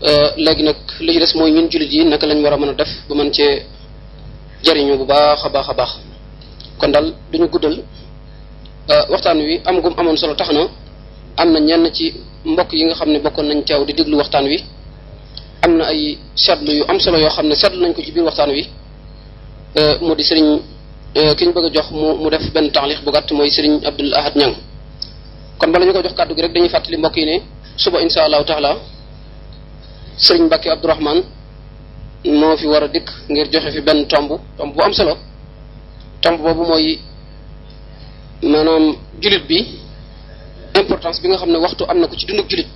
euh, léegi nag li ci mooy ñun jullit yi naka lañ war a mën a def ba mën cee jariñu bu baax a baax a baax kon dal daal duñu guddal euh, waxtaan wi am gum amoon solo tax na am na ñenn ci mbokk yi nga xam ne bokkoon nañ teew di déglu waxtaan wi am na ay seetlu yu am solo yoo xam ne seetlu nañ ko ci biir waxtaan wi euh, mu di sëriñ euh, kiñ bëgg jox mu mu def benn taxliq bu gàtt mooy sëriñ Abdul Ahad Ñang kon bala ñu ko jox kàddu gi rek dañuy fàttali mbokk yi ne suba insha allahu taala sëriñ Mbàkke Abdourahman moo fi war a dikk ngir joxe fi benn tomb tomb bu am solo tomb boobu mooy maanaam jullit bi importance bi nga xam ne waxtu am na ko ci dunduk jullit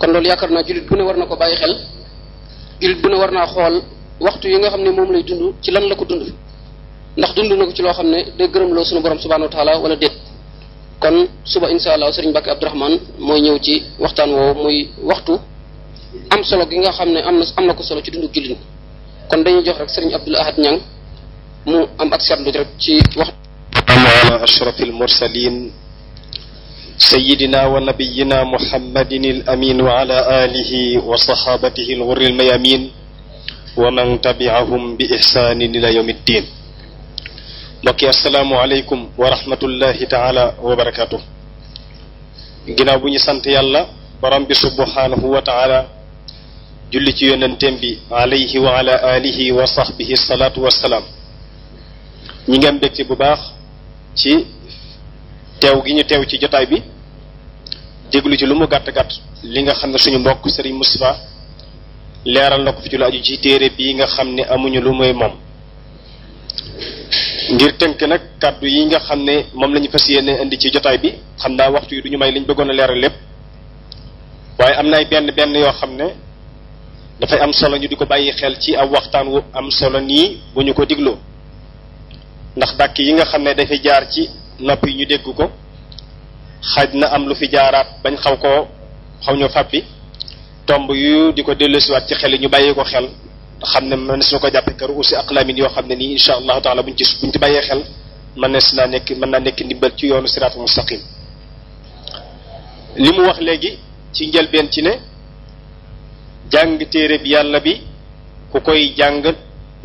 kon loolu yaakaar naa jullit bu ne war na ko bàyyi xel jullit bu ne war naa xool waxtu yi nga xam ne moom lay dund ci lan la ko dund ndax dund na ko ci loo xam ne day gërëm loo suñu borom subhanahu wa taala wala déet kon suba insha allah sëriñ Mbàkke Abdourahmane mooy ñëw ci waxtaan woowu waxtu am solo gi nga xam ne am na am na ko solo ci dundu jullit kon dañuy jox sëriñ Abdul Ahad Ñang mu am ak seetlu rek ci wax. ashrafil mursalin سيدنا ونبينا محمد الأمين وعلى آله وصحابته الغر الميامين ومن تبعهم بإحسان إلى يوم الدين mbokki asalaamualeykum wa rahmatullahi taala wa barakaatu ginnaaw bu ñu sant yàlla borom bi subhanahu wa taala julli ci yonenteem bi alayhi wa ala alihi wa sahbihi salaatu wassalaam ñi ngeen mbégte bu baax ci teew gi ñu teew ci jotaay bi déglu ci lu mu gàtt gàtt li nga xam ne suñu mbokk Serigne Moustapha leeral na ko fi ci lu aju ci téere bii nga xam ne amuñu lu muy moom. ngir tënk nag kàddu yi nga xam ne moom lañu ñu fas yéene indi ci jotaay bi xam naa waxtu yi du ñu may liñ bëggoon a leeral lépp waaye am na ay benn benn yoo xam ne dafay am solo ñu di ko bàyyi xel ci ab waxtaan wu am solo nii bu ñu ko digloo ndax dàkk yi nga xam ne dafay jaar ci. noppi ñu dégg ko xaj na am lu fi jaaraat bañ xaw koo xaw ñoo fàppi tomb yu di ko dellusiwaat ci xel ñu bàyyi ko xel xam ne mënees na ko jàppe kër aussi ak lamin yoo xam ne nii insha allahu taala buñ ci buñ ci bàyyee xel mënees naa nekk mën na nekk ndimbal ci yoonu siraatul mustaqim li mu wax léegi ci njëlbeen ci ne jàng téere bi yàlla bi ku koy jàng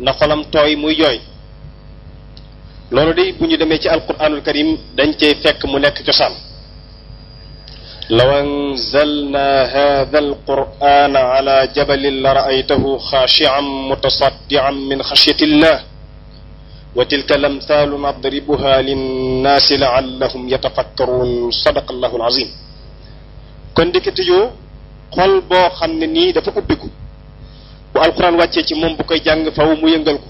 na xolam tooy muy jooy loolu day bu ñu demee ci alquranul karim dañ cey fekk mu nekk cosaan law anzalna hadha alqurana ala jabalin la raaytahu xaashian mutasaddian min xashyati illah wa tilka lamthaalu nadribuha linnaasi laallahum yatafakkaruun sadaqa allahu alazim kon dikkatijoo xol boo xam ne nii dafa ubbiku bu alquran wàccee ci moom bu koy jàng faw mu yëngal ko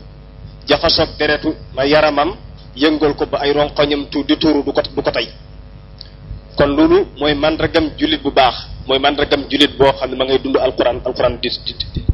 jaxasoog deretu ma yaramam yëngal ko ba ay ronkoñam tu di tuuru du ko du ko tey kon loolu mooy mandragam jullit bu baax mooy man mandragam jullit boo xam ne ma ngay dund alquran alquran di di